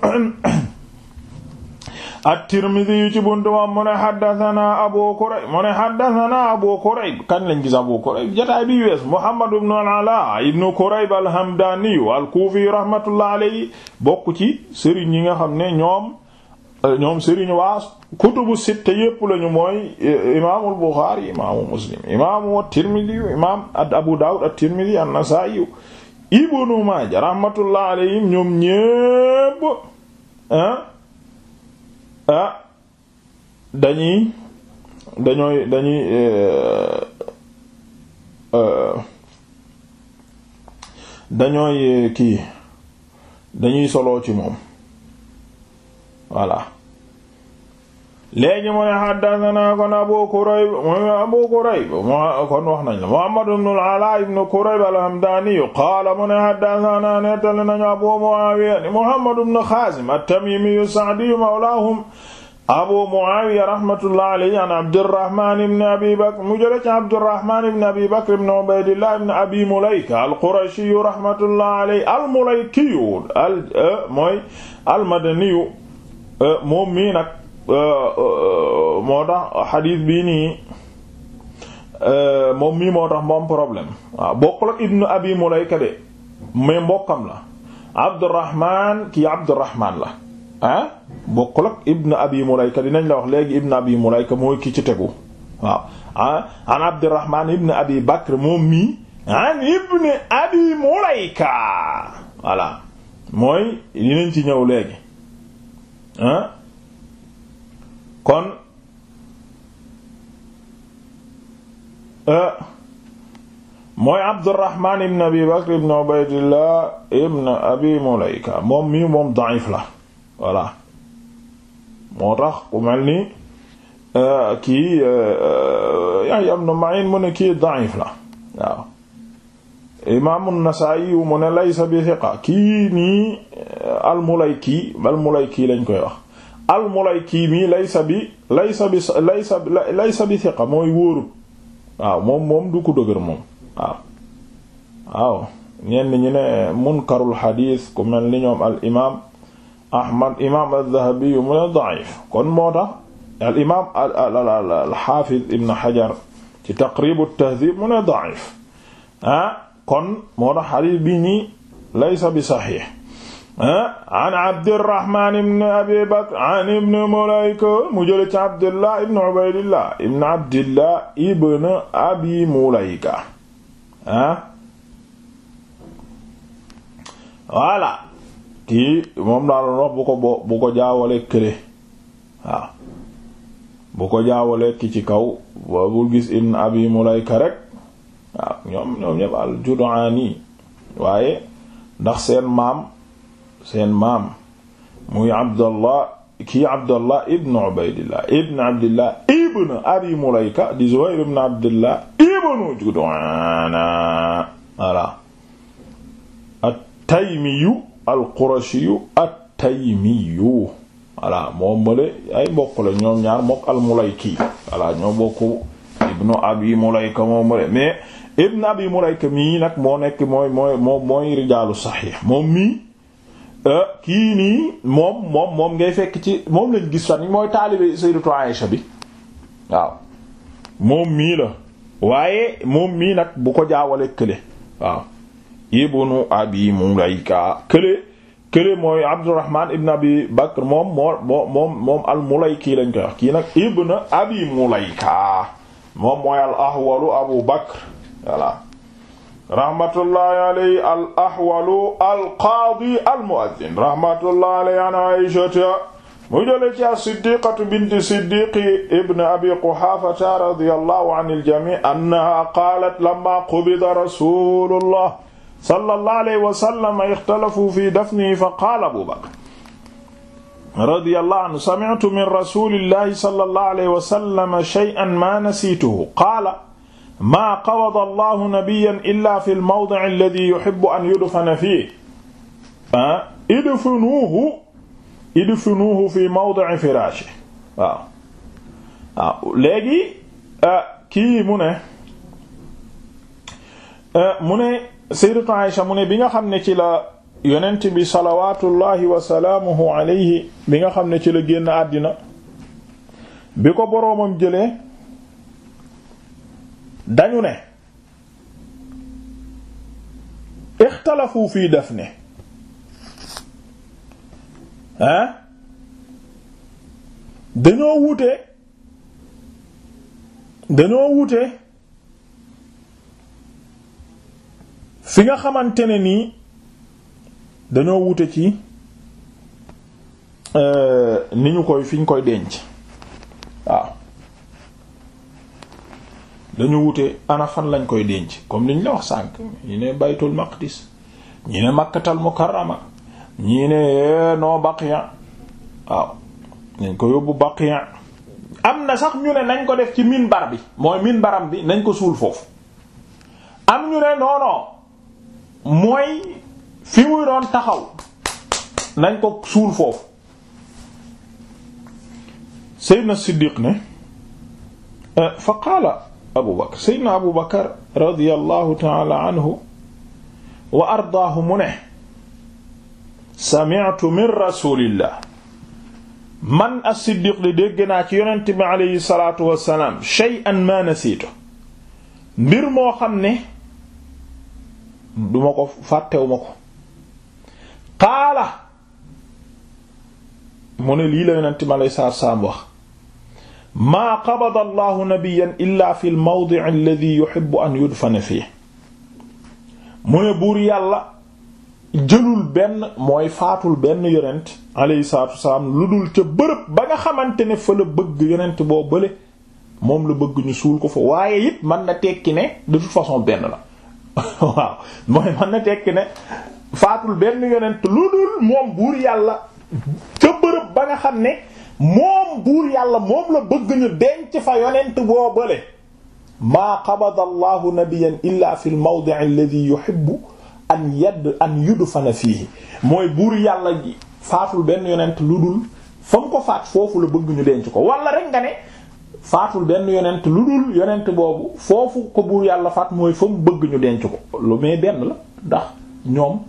at-Tirmidhi yu ci ne haddathana Abu Kurayb mu ne haddathana Abu Kurayb kan lañ gis Muhammad ibn al-Ala ibn al-Hamdani al-Kufi rahmatullahi alayhi bokk ci sëriñ yi nga xam ne ñoom ñoom sëriñ waa kutubu sitta yépp lañu mooy eh, imaamul Bukhari imaamu Muslim imaamu Abu Dawud at-Tirmidhi an-Nasa'i ibnu Maaja rahmatullahi alayhim ñoom ñépp ah, ah dañuy dañooy dañuy eh, eh, dañooy eh, kii dañuy soloo ci moom voilà léegi mu ne haddathana kon Abu Kurayb mu Abu Kurayb mu kon wax nañ la Muhammad ibn al-Ala ibn Kurayb al-Hamdani qaala mu ne haddathana nettali nañu Abu Muawiya Muhammad ibn Khazim at-Tamimi as-Sa'di mawlahum Abu Muawiya rahmatullahi alayhi an Abdurrahman ibn Abi Bakr mu jële ci Abdurrahman ibn Abi Bakr ibn Ubaydillah ibn Abi Mulayka al-Qurashi rahmatullahi alayhi al-Mulayki euh, mooy al-Madani euh, moom mi nag Euh, euh, moo tax nii euh, moom mii moo tax moom problème waaw bokkul ak ibnu abi mulayka de mais mbokkam la abdurahman kii abdurahman la ah bokkul ak ibnu abi mulayka dinañ la wax léegi ibnu abi mulayka mooy kii ci tegu waaw ah an abdurahman ibnu abi bakr moom mii an ibnu abi mulayka voilà mooy dinañ ci ñëw léegi kon e, mooy Abdurrahman ibn Abi Bakr ibn Ubaydillah ibn Abi Mulayka moom mii moom da'if la voilà moo tax ku mel ni e, kii e, Yahya ibn Ma'in mu ne kii da'if la waaw Imaam an-Nasaa'i mu ne laysa bi thiqa kii nii al-Mulayki al-Mulayki lañ koy wax al-Mulayki mi laysa bi laysa bi laysa laysa bi thiqa mooy wóoru waaw moom moom du ko dëgër moom waaw waaw ñenn ñi ne munkarul xadiis ku mel ni ñoom al imaam Ahmad imaam az-Zahabi mu ne da'if kon moo tax al imaam al al xaafiz Ibn Hajar ci Taqrib at-Tahdhib mu ne da'if ah kon moo tax xadiis bi nii laysa bi saxiix an Abdurrahman an ci Abdillah bu ko bo bu ko bu ko jaawale ki ci kaw ba bul gis ibn Abi Mulayka rek ñoom ñoom Judaani waaye ndax seen maam seen maam muy abdallah kii abdallah ibn ubaydillah ibn abdillah ibn abi mulayka di zuhayr ibn abdillah ibn judwana voilà at-taymiyu al-qurashiyu at-taymiyu voilà moom male ay mbokk la ñoom ñaar mbokk al-mulayki voilà ñoo bokk ibnu abi mulayka moom male mais ibn abi mulayka mii nag moo nekk mooy mooy moom mooy rijaalu saxiix moom mii Euh, kii nii moom moom moom ngay fekk ci moom lañ gis fan mooy taalibe sayyidatu Aisha bi waaw moom mii la waaye moom mii nag bu ko jaawale kële waaw ibnu abi mulayka kële kële mooy abdurrahman ibn abi bakr moom moom moom al mulayki lañ koy wax kii nag ibn abi mulayka moom mooy al ahwalu abu bakr voilà rahmatullahi alayhi al ahwalu al qaadi al muaddin rahmatullahi alayhi an Aysata mu jële ci as-Siddiqatu bint Siddiqi ibn Abi Quhaafata radiyallahu anil jamii' annaha qaalat lamma qubida rasulullah sallallahu alayhi wa sallam ixtalafu fi dafnihi fa qaala Abu Bakr radiyallahu anhu sami'tu min rasulillahi sallallahu alayhi wa sallam shay'an ma nasiituhu qaala maa qawada allahu nabiyan illa fi lmawdici alladi yuhibbu an yudfana fiihi ah idfinuuhu idfinuuhu fi mawdici firaashihi waaw waaw ah, léegi ah, kii mu ne ah, mu ne sayyidatu Aysha mu ne bi nga xam ne ci la yonent bi salawatullahi wa salaamuhu alayhi bi nga xam ne ci la génn àddina bi ko boroomam jëlee dañu ne ixtalafu fii def ne ah dañoo wute dañoo wute fi nga xamante ne nii dañoo wute ci euh, ni ñu koy fi ñu koy denc waaw dañu wute ana lañ koy denc comme liñ la wax sànk ñi ne baytul maqdis ñi ne makkatal mukarrama ñi ne eh, noo baqiya waaw am na sax ñu ne nañ ko def ci minbar bi mooy minbaram bi nañ ko suul foofu am ñu ne noonon mooy fi muy doon taxaw nañ ko suul foofu Seydina Siddiq ne eh, fa qaala abu bakar seydna abu bakar radiyallahu taala anhu wa ardaahu mu ne sami'tu min rasulillah man as-siddiq di dégg naa ci yonent bi aleyhi salaatu wassalaam shay'an ma nasiitu mbir moo xam ne duma ko fàttewuma ko qaala mu ne lii la yonent bi aleyhi salaatu wassalaam wax maa qabada allahu nabiyan illa fi l mawdi fii yàlla jëlul benn mooy faatul benn yonent alayhi salaatu wasalaam lu dul ca bërëb ba nga xamante ne fa la bëgg yonent boo bële moom la bëgg ñu suul ko fa waaye it mën na tekki ne de toute façon benn la waaw mooy mën na tekki ne faatul benn yonent lu dul moom buur yàlla ca bërëb ba nga xam ne moom buur yàlla moom la bëgg ñu denc fa yonent boobale ma qabada allahu nabiyan illa fi l mawdi'i alladhi yuhibbu an yadd an yudfana fiihi mooy buur yàlla ji faatul benn yonent lu dul ko faat foofu la bëgg ñu ko wala rek nga benn yonent lu dul yonent boobu foofu ko buur yàlla faat mooy fa mu bëgg ñu denc ko lu mais benn la ndax ñoom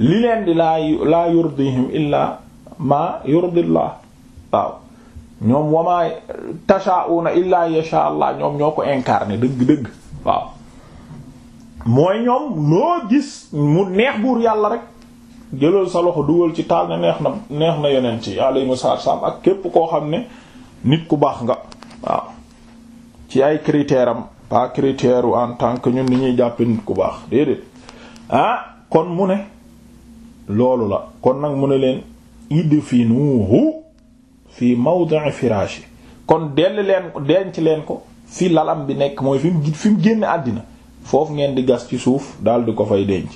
li leen di laa laa yurdihim illaa ma yurdillah waaw ñoom wamaa tashaa'una illaa yasha Allah ñoom ñoo ko incarné dëgg-dëgg waaw mooy ñoom loo gis mu neex buur yàlla rek jëlal sa loxo dugal ci taal ne neex na neex na yeneen ci yonent yi alayhimu salaam ak képp koo xam ne nit ku baax nga waaw ci ay critère am pas critère en tant que ñun ni ñuy jàppe nit ku baax déedéet ah kon mu ne loolu la kon nag mu ne leen idfinuhu fii mawdi'i firaashi kon dell leen ko denc leen ko fi lalam bi nekk mooy fi mu fi mu génn àddina foofu ngeen di gas ci suuf daal di ko fay denc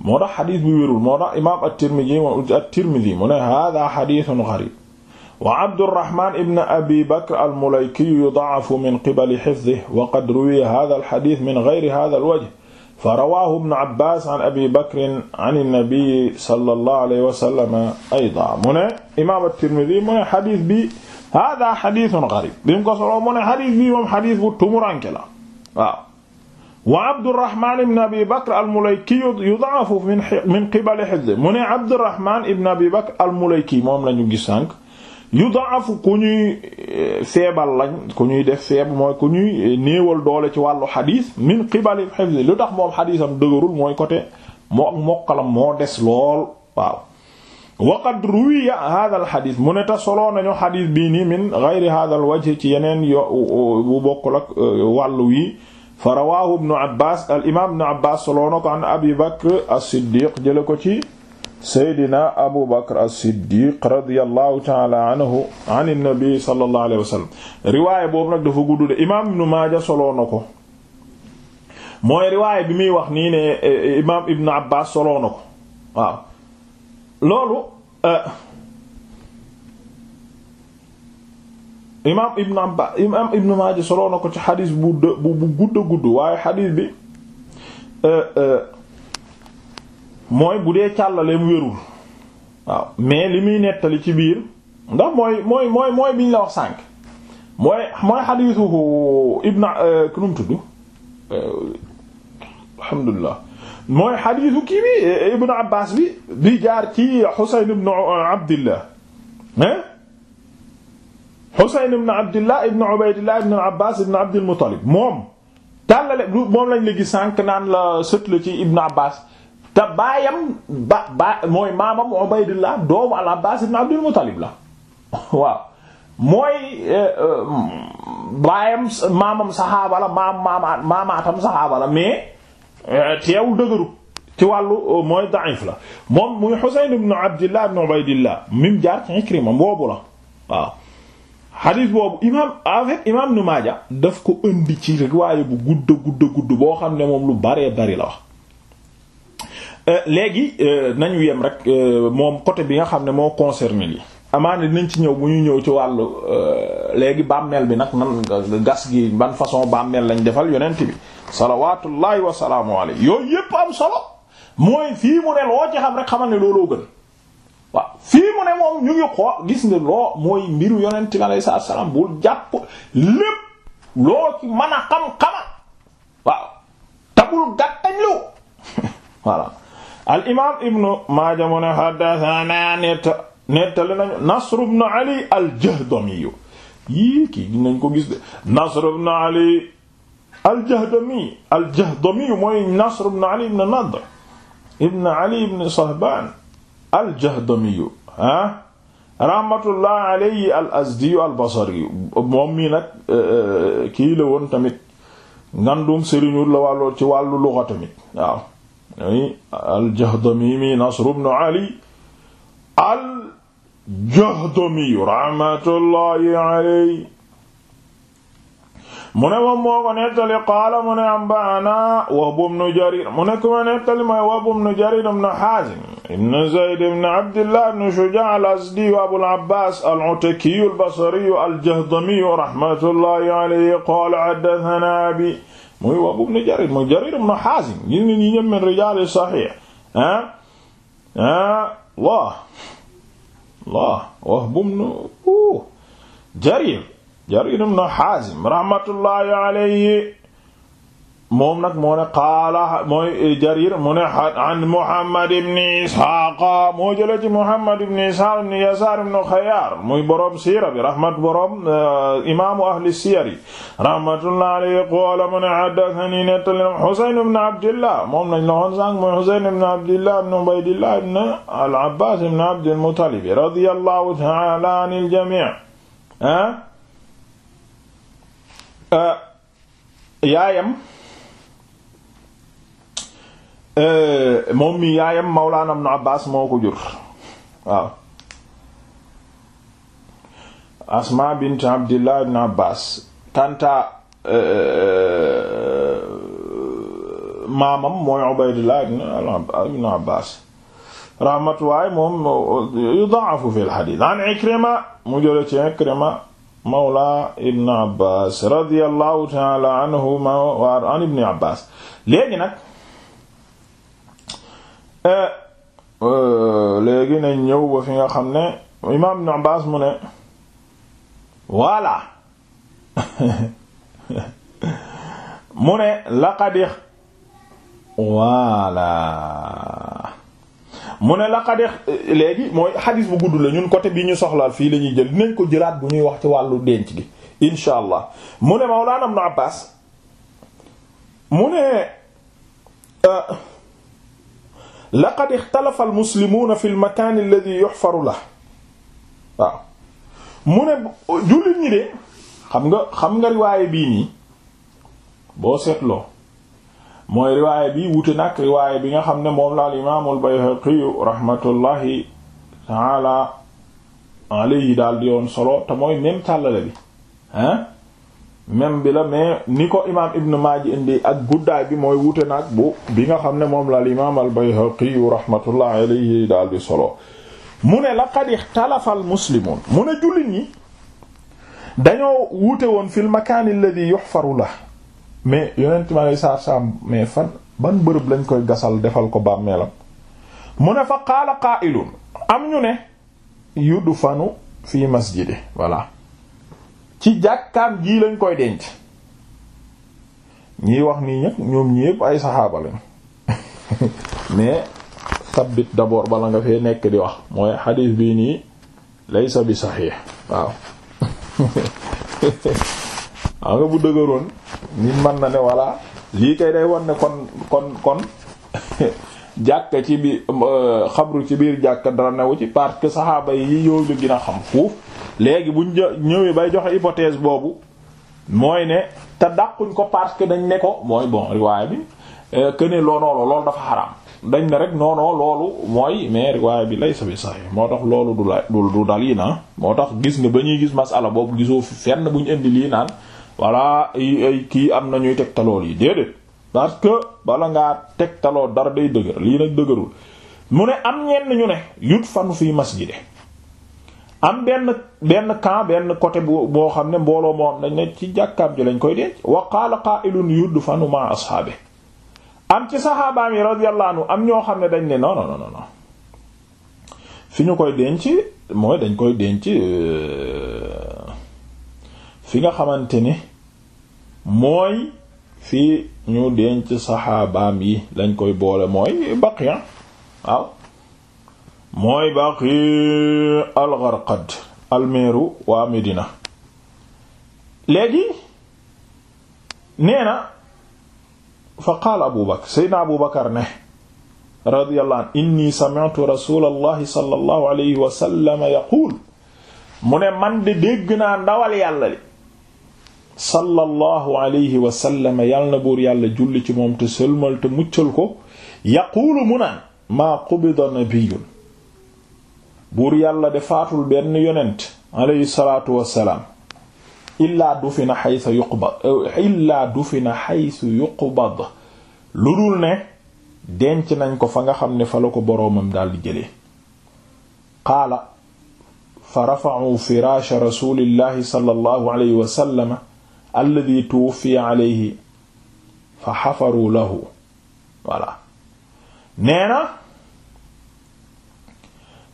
moo tax xadis bi wérul moo tax imaam at-Tirmidhi at-Tirmidhi mu ne hada xadisun garib wa Abdurrahman ibn Abi Bakr al-Mulayki yudaafu min qibali xifdihi wa qad ruwiya hada al-xadis min gayri hada al-wajh fa rawaahu ibnu Abbaas an Abi Bakrin an nabi sallallahu alayhi wa sallam aydan mu ne imaam at-Tirmidi mu ne xadis bi haaza xadiisun gariib bi mu ko soloo mu ne xadis bi moom xadis bu tumuranke la waaw wa Abdurrahmaan ibn Abi Bakr al-Mulayki yud'afu min qibali hizbihi mu ne Abdurrahmaan ibn Abi Bakr al-Mulayki moom lañu gis sànq yu yudaafu ku ñuy eh, feebal lañ ku ñuy def feeb mooy ku ñuy eh, néewal doole ci wàllu xadiis min qibali hifzi lu tax moom xadiisam dëgërul mooy côté moo ak mokkalam moo des lool waaw wa qad ruwiya hadha al xadiis mu ne te soloo nañu xadiis bii nii min geyri hadha al ci yeneen yo bokkul ak eh, wàllu wi fa rawahu ibnu abbas al imam ibnu siddiq jële ko ci seydina abu bakr as-siddiq radiallahu taala anhu an nabi sallallahu alayhi wa sallam riwaayé boobu nag dafa gudd de imaam ibnu maaja soloo na ko mooy riwaayé bi muy wax nii ne e, e, imaam ibnu abbas soloo na ko waaw loolu e, imaam ibnu abbas imaam ibnu maaja soloo na ko ci xadiis bu bu gudd gudd waaye xadiis bi mooy bu dee càllaleem wérul waaw mais li muy nettali ci biir ndax mooy mooy mooy mooy biñ la wax sànq mooy mooy xadiisu ibna ku euh, euh, mooy xadiisu kii bi ibnu bi bi jaar ci xusayn ibnu abdillah hein xusayn ibnu abdillah ibnu ubaydillah ibnu abbas ibnu moom tàllale moom lañ la sànq naan la ci ibnu abbas te baayam ba ba mooy maamam Ubaydullah doomu al Abbaas ibn Abdul Muttalib la mooy eh, eh, baayam maamam saxaaba maamaatam saxaaba la mais eh, teewul dëgëru ci wàllu mooy da'if la moom muy Abdillah ibn Ubaydillah mim jaar ci Ikrima boobu imaam nu Maaja daf ko indi ci riwaaye bu gudd gudd gudd boo xam ne moom lu baree bari la wax Euh, léegi euh, nañu yem rek euh, moom côté bi nga xam ne moo concerné li amaana nañ ci ñëw bu ñu ñëw ci wàllu léegi bàmmeel bi nag nan gas gi ban façon bàmmeel lañ defal yonent bi salawatullahi wasalaamu alayhi yooyu yépp am solo mooy fii mu ne loo ci xam rek xamal ne looloo gën waaw fii mu ne moom ñu ngi xoo gis nga loo mooy mbiru yonent bi alayhi salaam bul jàpp lépp loo ci mën a xam-xama waaw tabul gàttañ lu voilà al imaam ibnu maaja mu ne haddathana nett nettali nañu nasr ibn ali al jahdami yii kii dinañ ko gis de nasr ibn ali al jahdami al jahdami mooy nasr ibn ali ibn nadr ibn ali ibn sahban al jahdami ah rahmatullah alayhi al azdi al basri moom mii nag eh, eh, kii la woon tamit ngandum sëriñu la wàllu ci wàllu luga tamit waaw ay aljahdami mi nasr ibn ali aljahdami rahmatullahi alayhi mu ne moom moo ko nettali qaala mu ne ambaana Wahb ibn Jarir mu ne ku ma nettali mooy Wahb ibn Jarir ibn Haazim ibn Zayd ibn Abdillah ibn Shujaa al-Azdi wa Abul Abbaas al-Ataki al-Basri al-Jahdami rahmatullahi alayhi qaala haddathanaa abi muy Wahb ibn Jarir muy Jarir ibn Hazim gis nga ñi ñëpp min rijaal sahih ah ah Allah Allah Wahb ibn uh, Jarir Jarir ibn Hazim rahmatullahi alayhi moom nag moo ne qaala mooy jarir mu ne an Muhammad ibn Ishaq moo jëlee ci Muhammad ibn Ishaq ibn Yasaar ibn Xayyaar muy borom siira bi rahmat borom euh, imaamu ahli siyar yi rahmatullahi alayhi qaala mu ne haddathanii nettali Husayn ibn Abdillah moom lañ la woon sànq mooy Husayn ibn Abdillah ibn Ubaydillah ibn al-Abbaas ibn Abdil Muttalib radiyallahu ta'ala anil jamii' ah, ah, yaayam Euh, moom mi yaayam Mawlaana Ibn Abbaas moo ko jur waaw Asma bint Abdillah Ibn Abbaas kanta euh, euh, maamam mooy Ubaydillah Ibn Abbaas rahmatullahi moom yudaafu fi al-hadiis an Ikrima mu jële ci Ikrima mawla Ibn Abbaas radiyallahu ta'ala anhuma wa an Ibn Abbaas léegi nag Eh, euh, léegi nañ ñëw ba fi nga xam ne imaam Ibn Abbas mu ne voilà mu ne laqad voilà mu ne laqad léegi mooy xadis bu gudd la ñun côté bi ñu soxlaal fii la ñuy jël dinañ ko jëlaat bu ñuy wax ci wàllu denc gi insha mu ne Mawlana Ibn Abbas mu ne. Euh, laqad ixtalafa almuslimuuna fi lmakaan alladi la waaw mu ne jullit ñi de xam nga xam nga riwaaye bii nii boo seetloo mooy riwaaye bi wuti nag riwaaye bi nga xam ne moom la al imaamu albayhaqiyu rahmatullahi taala alayhi daal di yoon solo te mooy même càllale bi ah même bila la mais ni ko imaam Ibn Maaji indi ak guddaay bi mooy wuute nag bu bi nga xam ne moom la al imaam al Bayhaqi rahmatullah alayhi daal di solo mu ne laqad ixtalafa al muslimuun mu ne jullit ñi dañoo wuute woon fil makaan alladhi yuhfaru la mais yonent ma lay saar saam mais fan ban bërëb lañ koy gasal defal ko bàmmeelam mu ne fa qaala qaa'ilun am ñu ne yudfanu fi masjidi voilà ci jàkkaam jii lañ koy denc ñii wax nii ñëpp ñoom ñi yëpp ay saxaaba lañ mais tabbit d'abord bala nga fee nekk di wax mooy xadiis bii nii laysa bi saxiix waaw xam nga bu dëgëroon nit mën na ne voilà lii kay day won ne kon kon kon jàkka ci bi euh, xabru ci biir jàkka dara newu ci parce que saxaaba yi yow lu xam fuuf léegi bu buñ ñëwee bay joxe hypothèse boobu mooy ne te dàquñ ko parce que dañ ne ko mooy bon riwaay bi euh, que ne loonooloo loolu dafa xaraam dañ ne rek non loolu mooy mais riwaay bi lay sabi sax moo tax loolu du la du du dal moo tax gis nga ba ñuy gis masala boobu gisoo fenn bu ñu indi lii naan voilà ay kii am na ñuy tegtalool yi déedéet parce que bala ngaa tegtaloo dara day dëgër lii nag dëgërul mu ne am ñenn ñu ne yut fanu fii masjide am benn benn camp benn côté bu boo xam ne mbooloo moo am dañ ne ci jàkkaam ji lañ koy denc wa qaala qaa'ilun yudfanu ma ashaabi am ci saxaabaam yi radiyallahu anhu am ñoo xam ne dañ ne non non non non fi ñu koy denc mooy dañ koy denc euh, fi nga xamante ni mooy fi ñu denc saxaabaam yi lañ koy boole mooy baqiya waaw mooy baqi algarqad almeeru waa Medina léegi nee na fa qaala Abu Bakr seydna Abu Bakr ne radiyallahu anhu inni sami'tu rasulallahi sallallahu alayhi wa sallam yaquul yàlla li sallallahu alayhi wa yàlla na buur yàlla julli ci moom te sëlmal te muccal ko yaquulu mu naan maa qubida nabiyyun buur yàlla de faatul benn yonent aleyhi salaatu wassalaam illaa dufina xaysu yuqbad illaa dufina xaysu yuqbad lu dul ne denc nañ ko fa nga xam ne fa la ko boroomam daal jëlee qaala fa rafa'u firaasha rasulillahi sallallahu alayhi wa sallam alladi tuwuffiya alayhi fa xafaru lahu voilà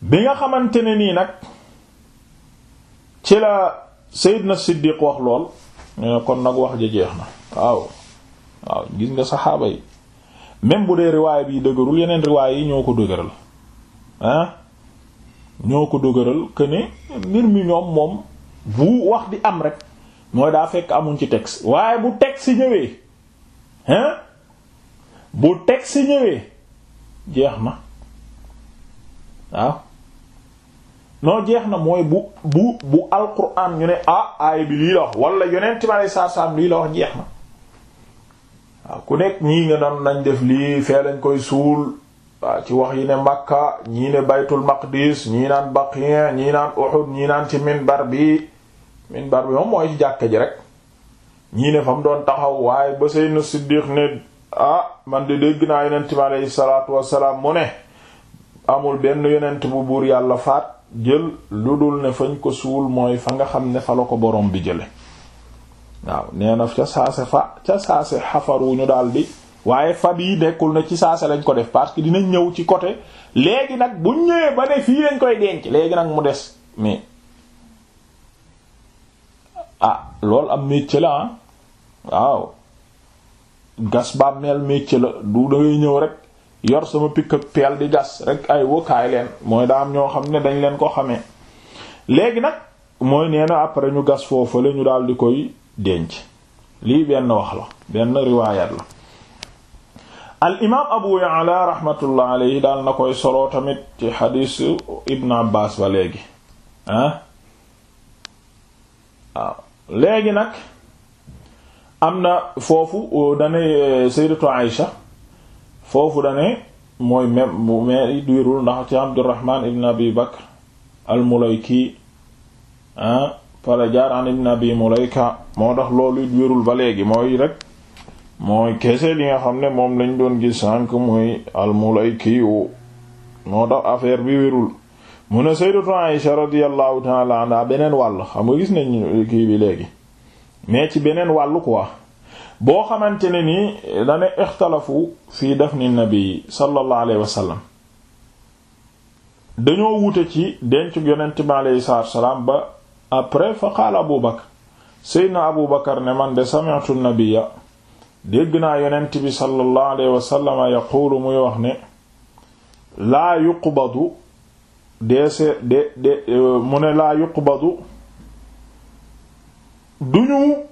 bi nga xamante ne nii nag ci la Seydina Siddiq wax lool kon nag wax ja jeex na waaw waaw gis nga saxaaba yi même bu dee riwaay bi dëgërul yeneen riwaay yi ñoo ko dëgëral ah ñoo ko dëgëral que ne mbir mi ñoom moom bu wax di am rek mooy daa fekk amuñ ci texte waaye bu texte ñëwee hein bu texte ñëwee jeex na waaw non jeex na mooy bu bu bu alquran ñu ne ah aay bi lii la wax wala yonent bi aleyhi salaatu lii la wax jeex na waaw ku nekk ñii nga naan nañ def lii fee lañ koy suul waaw ci wax yi ne Makka ñii ne baytul maqdis ñii naan Baqiya ñii naan Uhud ñii naan ci minbar bi minbar bi moom mooy ci jàkka ji rek ñii ne fa mu doon taxaw waaye ba nu Siddiq ne ah man de dégg naa yonent bi aleyhi salaatu wassalaam mu ne amul benn yonent bu buur yàlla faat jël lu dul ne fañ ko suul mooy fa nga xam ne fa la ko borom bi jële waaw nee na ca saase fa ca saase wu ñu daal bi waaye fa bii nekkul ne ci saase lañ ko def parce que dinañ ñëw ci côté léegi nag bu ñëwee ba ne fii lañ koy denc léegi nag mu des mais ah loolu am métier la ah waaw gas bàmmeel métier la du dangay ñëw rek yor sama pikk ak peel di gas rek ay wakaay leen mooy daa ñoo xam ne dañ leen ko xamee léegi nag mooy nee na après ñu gas foofu la ñu daal di koy denc lii benn wax la benn riwaayat la al imaam abu ya'la rahmatullah alayhi daal na koy solo tamit ci xadiis ibn abbas ba léegi ah waaw léegi nag am na foofu dane sayyidatu aisha foofu dane mooy même mais du ndax ci Abdurrahman ibn Abi Bakr al-Mulayki ah pare jaar an ibn Abi Mulayka moo tax loolu it wérul ba léegi mooy rek mooy kese li nga xam ne moom lañ doon gis sànq muy al-Mulayki moo tax affaire bi wérul mu ne sayyidatu Aisha radiyallahu ta'ala anha beneen wàll xam nga gis nañ kii bi léegi mais ci beneen wàll quoi boo xamante ne ni dane ixtalafu fi dafni nabi sallallahu alayhi wa dañoo wute ci denc yonent bi aleyhi salaatu wa salaam ba après fa qaala abu bakar seydna abu bakar ne man de sami'tu nabiyya dégg naa yonent bi sallallahu alayhi wa sallam muy wax ne laa yuqbadu deese de de euh, mu ne laa yuqbadu duñu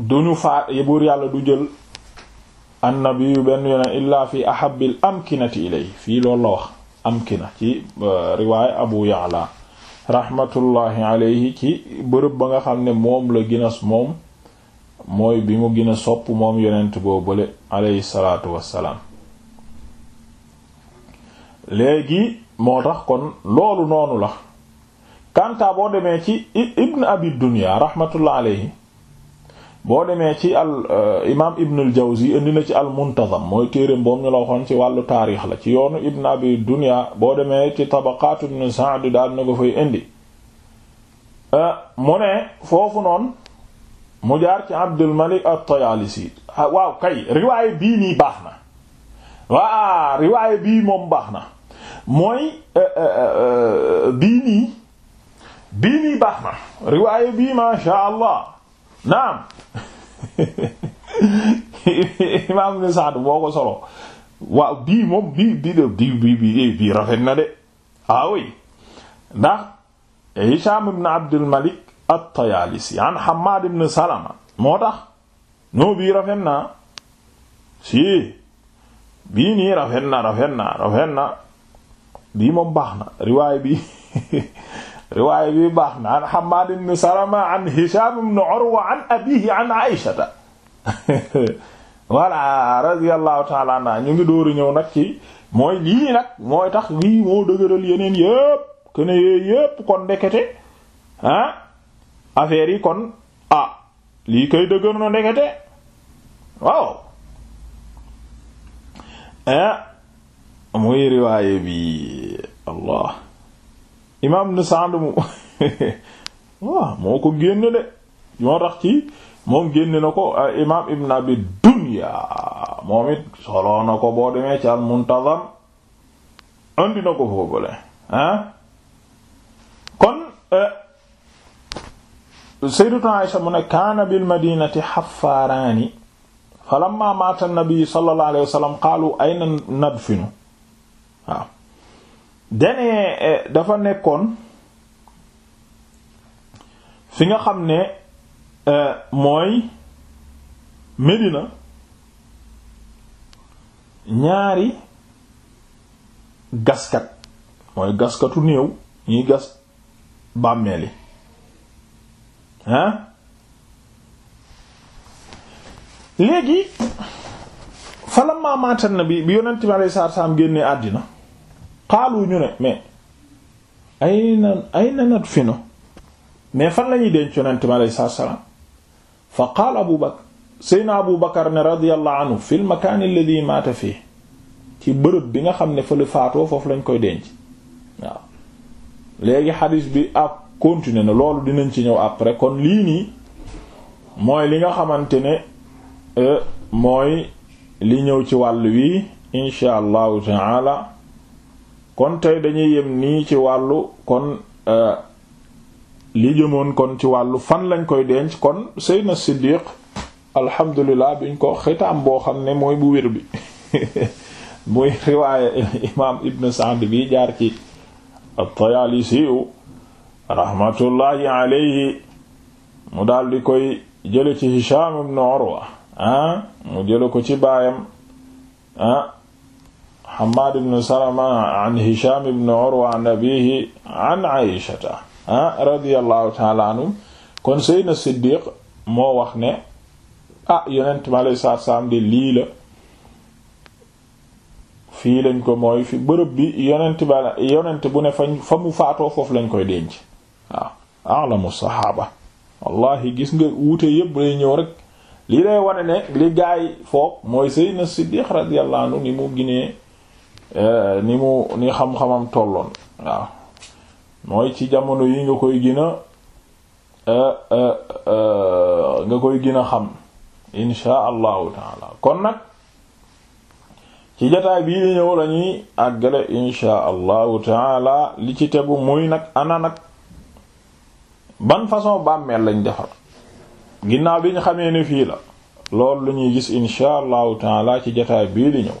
duñu faat buur yàlla du jël annabiyu benn yoon illaa fi ahabbil amkinati ilay fii loolu la wax amkina ci euh, riwaaya abu ya'la rahmatullahi alayhi ci bërëb ba nga xam ne moom la gën moom mooy bi mu gën a sopp moom yonent boobule alayhi salaatu wassalaam léegi moo tax kon loolu noonu la kanta boo demee ci ibn abi dunya rahmatullah alayhi boo demee ci al euh, imaam Ibn al-Jawzi indi na ci al mooy téereem boobu ñu la waxoon ci wàllu taarix la ci yoonu Ibn Abi Dunya boo demee ci Tabaqaat Ibn Sa'd daal na ko fay indi. Euh, mu ne foofu noon mu jaar ci Abdul Malik at ah, waaw kay riwaay bii ni baax na waa bii moom baax na mooy euh, bii nii bii baax na riwaay bii masha Allah naam. imaam Ibn Sa'd boo ko solo bii moom bii bii bii eh, bii rafet na de ah oui ndax Hisham ibn Abdul Malik at-Tayalisi an Hammad ibn Salama moo tax bii rafet na si bii nii rafet na rafet na rafet na bii moom baax na riwaay bi riwaaya bi baax na an Hammaad ibn an Hishaam ibn Urwa an abiihi an Aysata voilà radiyallahu taala anha ñu ngi dóoru ñëw nag ci mooy lii nag mooy tax lii moo dëgëral yeneen yépp kene yooyu yépp kon ndekete ah affaire yi kon ah lii koy dëgër na ndekete waaw ah muy riwaaye bi imaam ibn Sa'd mu waaw moo ko génn de moo tax ci moom génn na ah, imaam ibn abi dunya moom it ko boo demee ci al muntazam andi na ko foofule ah kon eh, sayyidatuna mu ne kaana bil madinati xafaaraani falamma maata an-nabi sallallahu alayhi wa nadfinu dane eh, dafa nekkoon fi nga xam ne eh, mooy Medina ñaari gaskat mooy gaskatu néew ñuy gas bàmmeeli hein léegi falam na bi bi yonent mi aleyhi salaatu salaam génnee àddina xaalu ñu ne mais ay na ay na nat finu mais fan lañuy denc yonent mi alayhi salaatu salaam fa qaala abu bakar seyna abu bakar ne radiyallahu anhu fil makaani alladhi maata fii ci bërëb bi nga xam ne fa la faatoo foofu lañ koy denc waaw léegi xadiis bi ak continuer na loolu dinañ ci ñëw après kon lii nii mooy li nga xamante ne euh, mooy li ñëw ci wàll wi insha allahu taala kon tey dañuy yem nii ci wàllu kon euh, li jëmoon kon ci wàllu fan lañ koy denc kon Seydina Siddiq alhamdulilah biñ ko xitaam boo xam ne mooy bu wér bi muy riwaaya imaam Ibn Sa'd bi jaar ci at-Tayaalisi rahmatullahi alayhi mu daal di koy jële ci Hisham ibn Urwa ah, mu jële ko ci baayam ah, Hammaad ibn moo wax ne ah yonent lii la fii ko mooy bu ne fañ fa mu faatoo foofu lañ koy denc waaw alamu saxaaba wallahi gis nga wuute yëpp lay ñëw wane ne li gaay foog mooy Seydina Siddiq radiyallahu anhu ni mu ginee Eh, ni mu ni xam-xamam tolloon waaw mooy ci jamono yi nga koy gina a eh, eh, nga koy gën a xam insha allahu taala kon nag ci jotaay bii di ñëw lañuy àggale insha allahu taala li ci tegu muy nag ana nag ban façon bàmmeel lañ defar ginnaaw bi ñu xamee ni fii la loolu lu ñuy gis insha allahu taala ci jotaay bii di ñëw